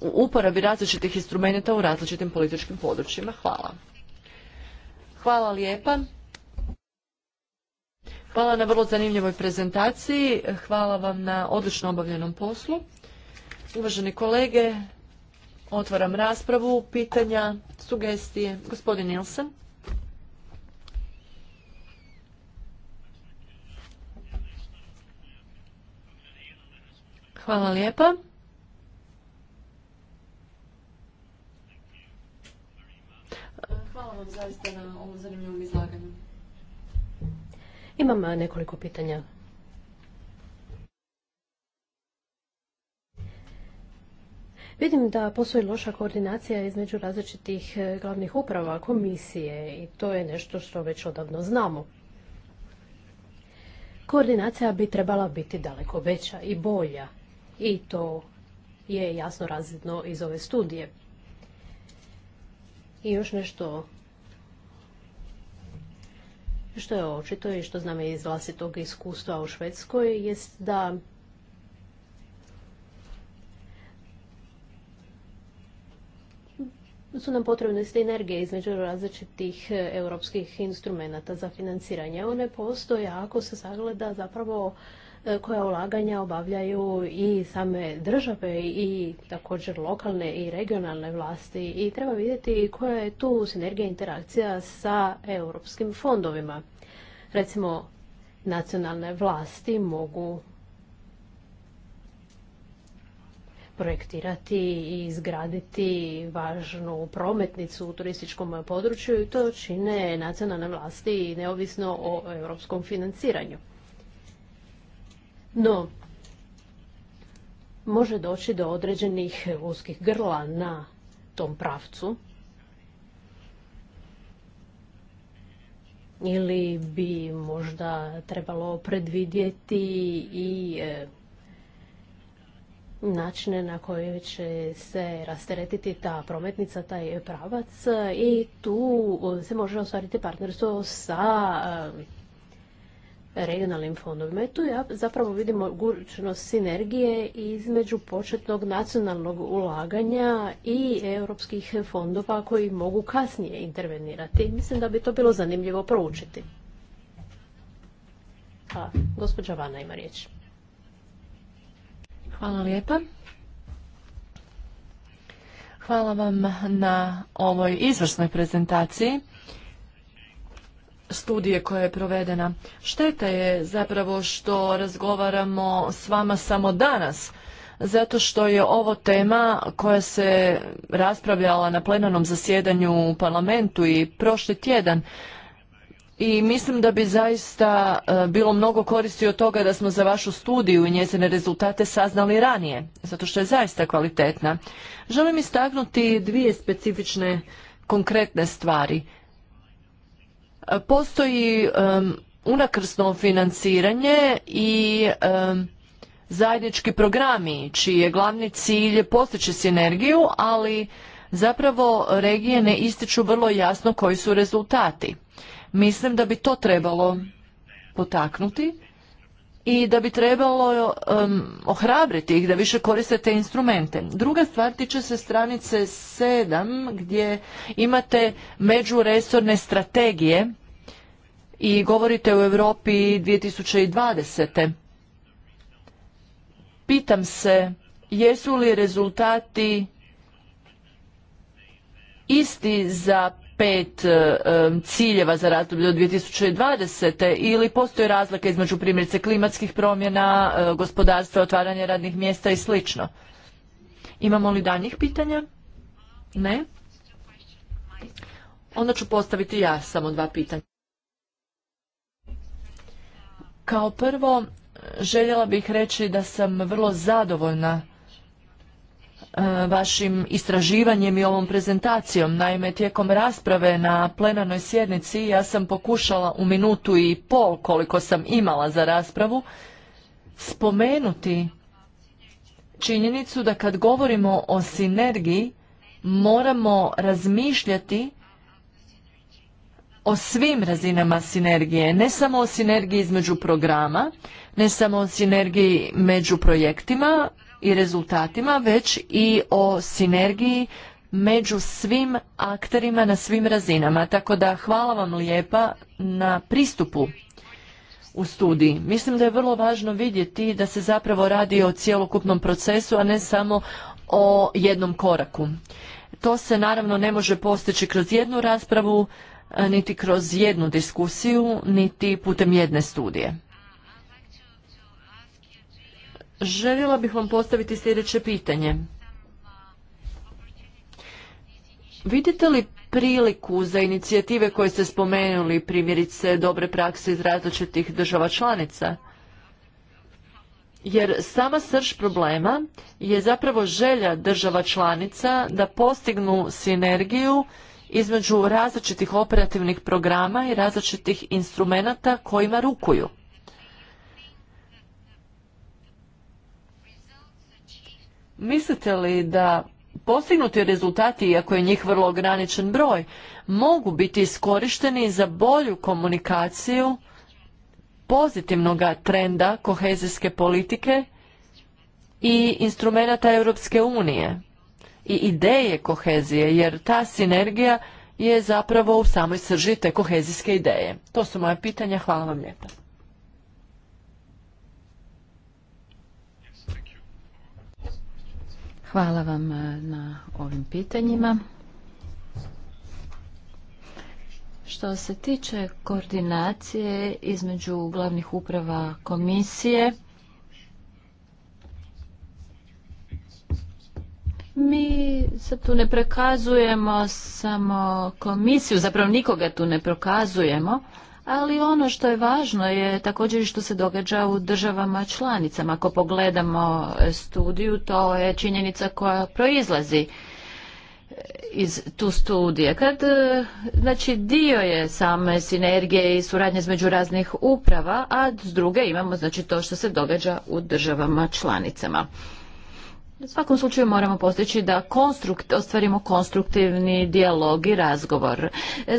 uporabi različitih instrumenta u različitim političkim područjima. Hvala. Hvala lijepa. Hvala na vrlo zanimljivoj prezentaciji. Hvala vam na odlično obavljenom poslu. Uvaženi kolege, Otvaram raspravu, pitanja, sugestije. Gospodin Nilsen. Hvala lijepa. Hvala vam zaista na ovom zanimljivom izlaganju. Imam nekoliko pitanja. Vidim da postoji loša koordinacija između različitih e, glavnih uprava komisije i to je nešto što već odavno znamo. Koordinacija bi trebala biti daleko veća i bolja i to je jasno razvidno iz ove studije. I još nešto što je očito i što znam iz vlastitog iskustva u Švedskoj jest da su nam potrebne sinergije između različitih e, europskih instrumenata za financiranje. One postoje ako se sagleda zapravo e, koja ulaganja obavljaju i same države i također lokalne i regionalne vlasti i treba vidjeti koja je tu sinergija interakcija sa europskim fondovima. Recimo, nacionalne vlasti mogu projektirati i izgraditi važnu prometnicu u turističkom području i to čine nacionalne vlasti i neovisno o europskom financiranju. No, može doći do određenih uskih grla na tom pravcu ili bi možda trebalo predvidjeti i e, načine na koje će se rasteretiti ta prometnica, taj pravac i tu se može ostvariti partnerstvo sa eh, regionalnim fondovima. I tu ja zapravo vidim mogućnost sinergije između početnog nacionalnog ulaganja i europskih fondova koji mogu kasnije intervenirati. Mislim da bi to bilo zanimljivo proučiti. A, gospođa Vana ima riječ. Hvala lijepa. Hvala vam na ovoj izvrsnoj prezentaciji studije koja je provedena. Šteta je zapravo što razgovaramo s vama samo danas, zato što je ovo tema koja se raspravljala na plenarnom zasjedanju u parlamentu i prošli tjedan i mislim da bi zaista e, bilo mnogo koristi od toga da smo za vašu studiju i njezine rezultate saznali ranije, zato što je zaista kvalitetna. Želim istaknuti dvije specifične konkretne stvari. E, postoji unakrsno financiranje i zajednički programi čiji je glavni cilj postići sinergiju, ali zapravo regije ne ističu vrlo jasno koji su rezultati. Mislim da bi to trebalo potaknuti i da bi trebalo ohrabriti ih da više koriste te instrumente. Druga stvar tiče se stranice 7 gdje imate međuresorne strategije i govorite u Europi 2020. Pitam se jesu li rezultati isti za pet e, e, ciljeva za razdoblje do 2020. ili postoje razlike između primjerice klimatskih promjena, e, gospodarstva, otvaranja radnih mjesta i slično. Imamo li danjih pitanja? Ne? Onda ću postaviti ja samo dva pitanja. Kao prvo, željela bih reći da sam vrlo zadovoljna E, vašim istraživanjem i ovom prezentacijom. Naime, tijekom rasprave na plenarnoj sjednici ja sam pokušala u minutu i pol koliko sam imala za raspravu spomenuti činjenicu da kad govorimo o sinergiji moramo razmišljati o svim razinama sinergije, ne samo o sinergiji između programa, ne samo o sinergiji među projektima, i rezultatima, već i o sinergiji među svim akterima na svim razinama. Tako da hvala vam lijepa na pristupu u studiji. Mislim da je vrlo važno vidjeti da se zapravo radi o cjelokupnom procesu, a ne samo o jednom koraku. To se naravno ne može postići kroz jednu raspravu, niti kroz jednu diskusiju, niti putem jedne studije. Željela bih vam postaviti sljedeće pitanje. Vidite li priliku za inicijative koje ste spomenuli, primjerice dobre prakse iz različitih država članica? Jer sama srž problema je zapravo želja država članica da postignu sinergiju između različitih operativnih programa i različitih instrumenata kojima rukuju. Mislite li da postignuti rezultati, iako je njih vrlo ograničen broj, mogu biti iskorišteni za bolju komunikaciju pozitivnog trenda kohezijske politike i instrumenta Europske unije i ideje kohezije, jer ta sinergija je zapravo u samoj srži te kohezijske ideje. To su moja pitanja, hvala vam lijepa. Hvala vam eh, na ovim pitanjima. Što se tiče koordinacije između glavnih uprava komisije, Mi se tu ne prekazujemo samo komisiju, zapravo nikoga tu ne prokazujemo ali ono što je važno je također i što se događa u državama članicama. Ako pogledamo e, studiju, to je činjenica koja proizlazi e, iz tu studije. Kad, e, znači, dio je same sinergije i suradnje između raznih uprava, a s druge imamo znači, to što se događa u državama članicama. U svakom slučaju moramo postići da konstrukt, ostvarimo konstruktivni dijalog i razgovor.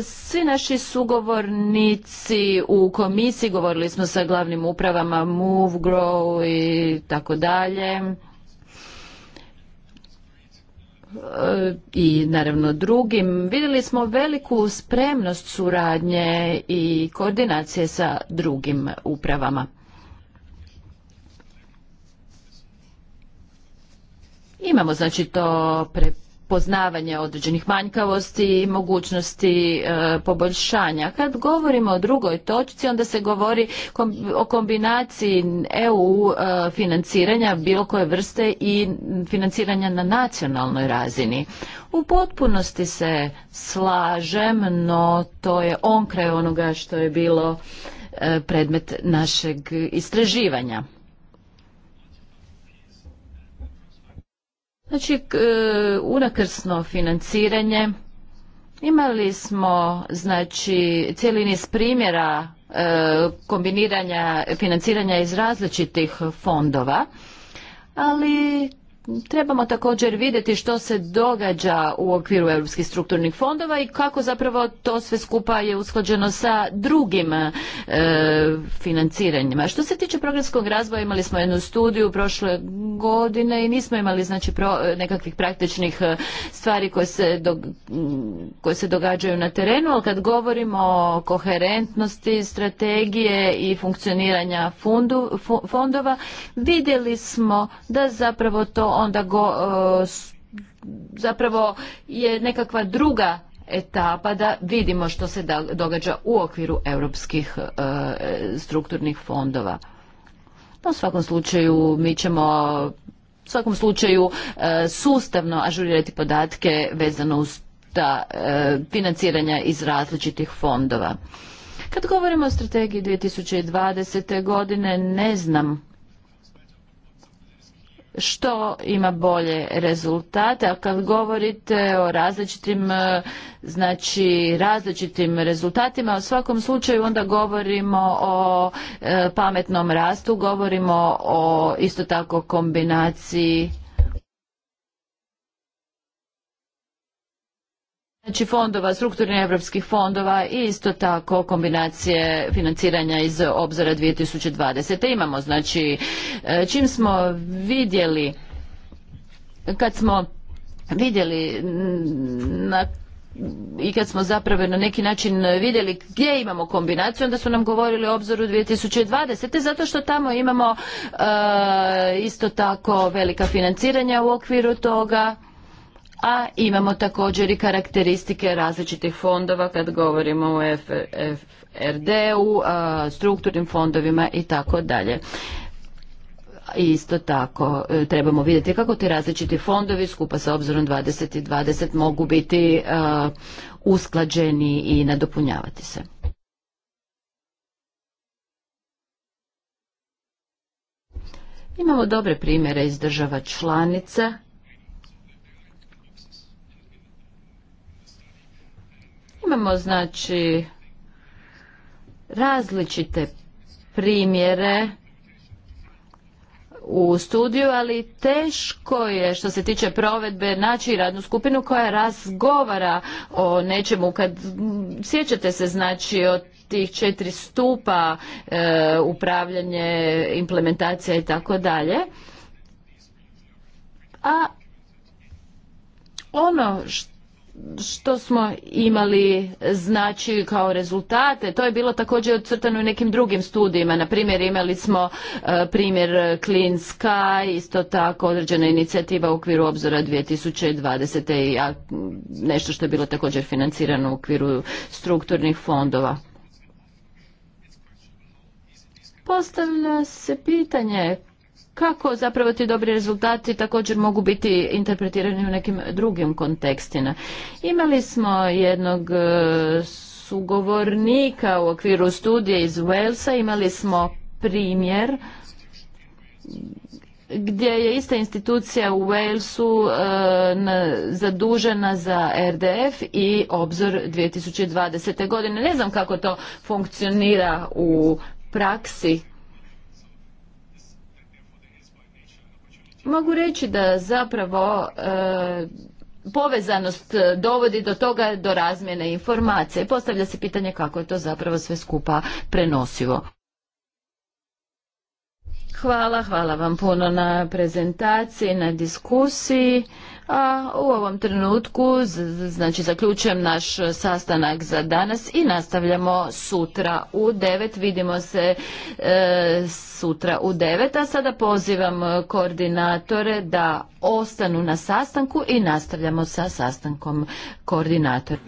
Svi naši sugovornici u komisiji, govorili smo sa glavnim upravama Move, Grow i tako dalje, e, i naravno drugim, vidjeli smo veliku spremnost suradnje i koordinacije sa drugim upravama. Imamo znači to prepoznavanje određenih manjkavosti i mogućnosti e, poboljšanja. Kad govorimo o drugoj točci, onda se govori o kombinaciji EU e, financiranja bilo koje vrste i financiranja na nacionalnoj razini. U potpunosti se slažem, no to je on kraj onoga što je bilo e, predmet našeg istraživanja. Znači, e, unakrsno financiranje. Imali smo znači cijeli niz primjera e, kombiniranja financiranja iz različitih fondova, ali Trebamo također vidjeti što se događa u okviru europskih strukturnih fondova i kako zapravo to sve skupa je usklađeno sa drugim e, financiranjima. Što se tiče programskog razvoja, imali smo jednu studiju prošle godine i nismo imali znači nekakvih praktičnih e, stvari koje se, koje se događaju na terenu, ali kad govorimo o koherentnosti, strategije i funkcioniranja fundu, fondova, vidjeli smo da zapravo to onda go, e, zapravo je nekakva druga etapa da vidimo što se događa u okviru europskih e, strukturnih fondova. u svakom slučaju mi ćemo u svakom slučaju e, sustavno ažurirati podatke vezano uz ta financiranja iz različitih fondova. Kad govorimo o strategiji 2020. godine ne znam što ima bolje rezultate, a kad govorite o različitim e, znači različitim rezultatima, u svakom slučaju onda govorimo o e, pametnom rastu, govorimo o isto tako kombinaciji Znači fondova, strukturnih evropskih fondova i isto tako kombinacije financiranja iz obzora 2020. Imamo, znači, e, čim smo vidjeli, kad smo vidjeli na i kad smo zapravo na neki način vidjeli gdje imamo kombinaciju, onda su nam govorili o obzoru 2020. zato što tamo imamo e, isto tako velika financiranja u okviru toga a imamo također i karakteristike različitih fondova kad govorimo o FRD-u, strukturnim fondovima i tako dalje. Isto tako e, trebamo vidjeti kako ti različiti fondovi skupa sa obzirom 20 i 20 mogu biti e, usklađeni i nadopunjavati se. Imamo dobre primjere iz država članica Imamo znači različite primjere u studiju, ali teško je što se tiče provedbe naći radnu skupinu koja razgovara o nečemu kad sjećate se znači od tih četiri stupa e, upravljanje, implementacija i tako dalje. A ono što smo imali znači kao rezultate, to je bilo također odcrtano u nekim drugim studijima. Na primjer imali smo e, primjer primjer Sky, isto tako određena inicijativa u okviru obzora 2020. i a, nešto što je bilo također financirano u okviru strukturnih fondova. Postavlja se pitanje kako zapravo ti dobri rezultati također mogu biti interpretirani u nekim drugim kontekstima. Imali smo jednog e, sugovornika u okviru studije iz Walesa, imali smo primjer gdje je ista institucija u Walesu e, zadužena za RDF i obzor 2020. godine. Ne znam kako to funkcionira u praksi Mogu reći da zapravo e, povezanost e, dovodi do toga do razmjene informacije. Postavlja se pitanje kako je to zapravo sve skupa prenosivo. Hvala, hvala vam puno na prezentaciji, na diskusiji. A u ovom trenutku znači zaključujem naš sastanak za danas i nastavljamo sutra u 9. Vidimo se e, sutra u 9. A sada pozivam koordinatore da ostanu na sastanku i nastavljamo sa sastankom koordinatora.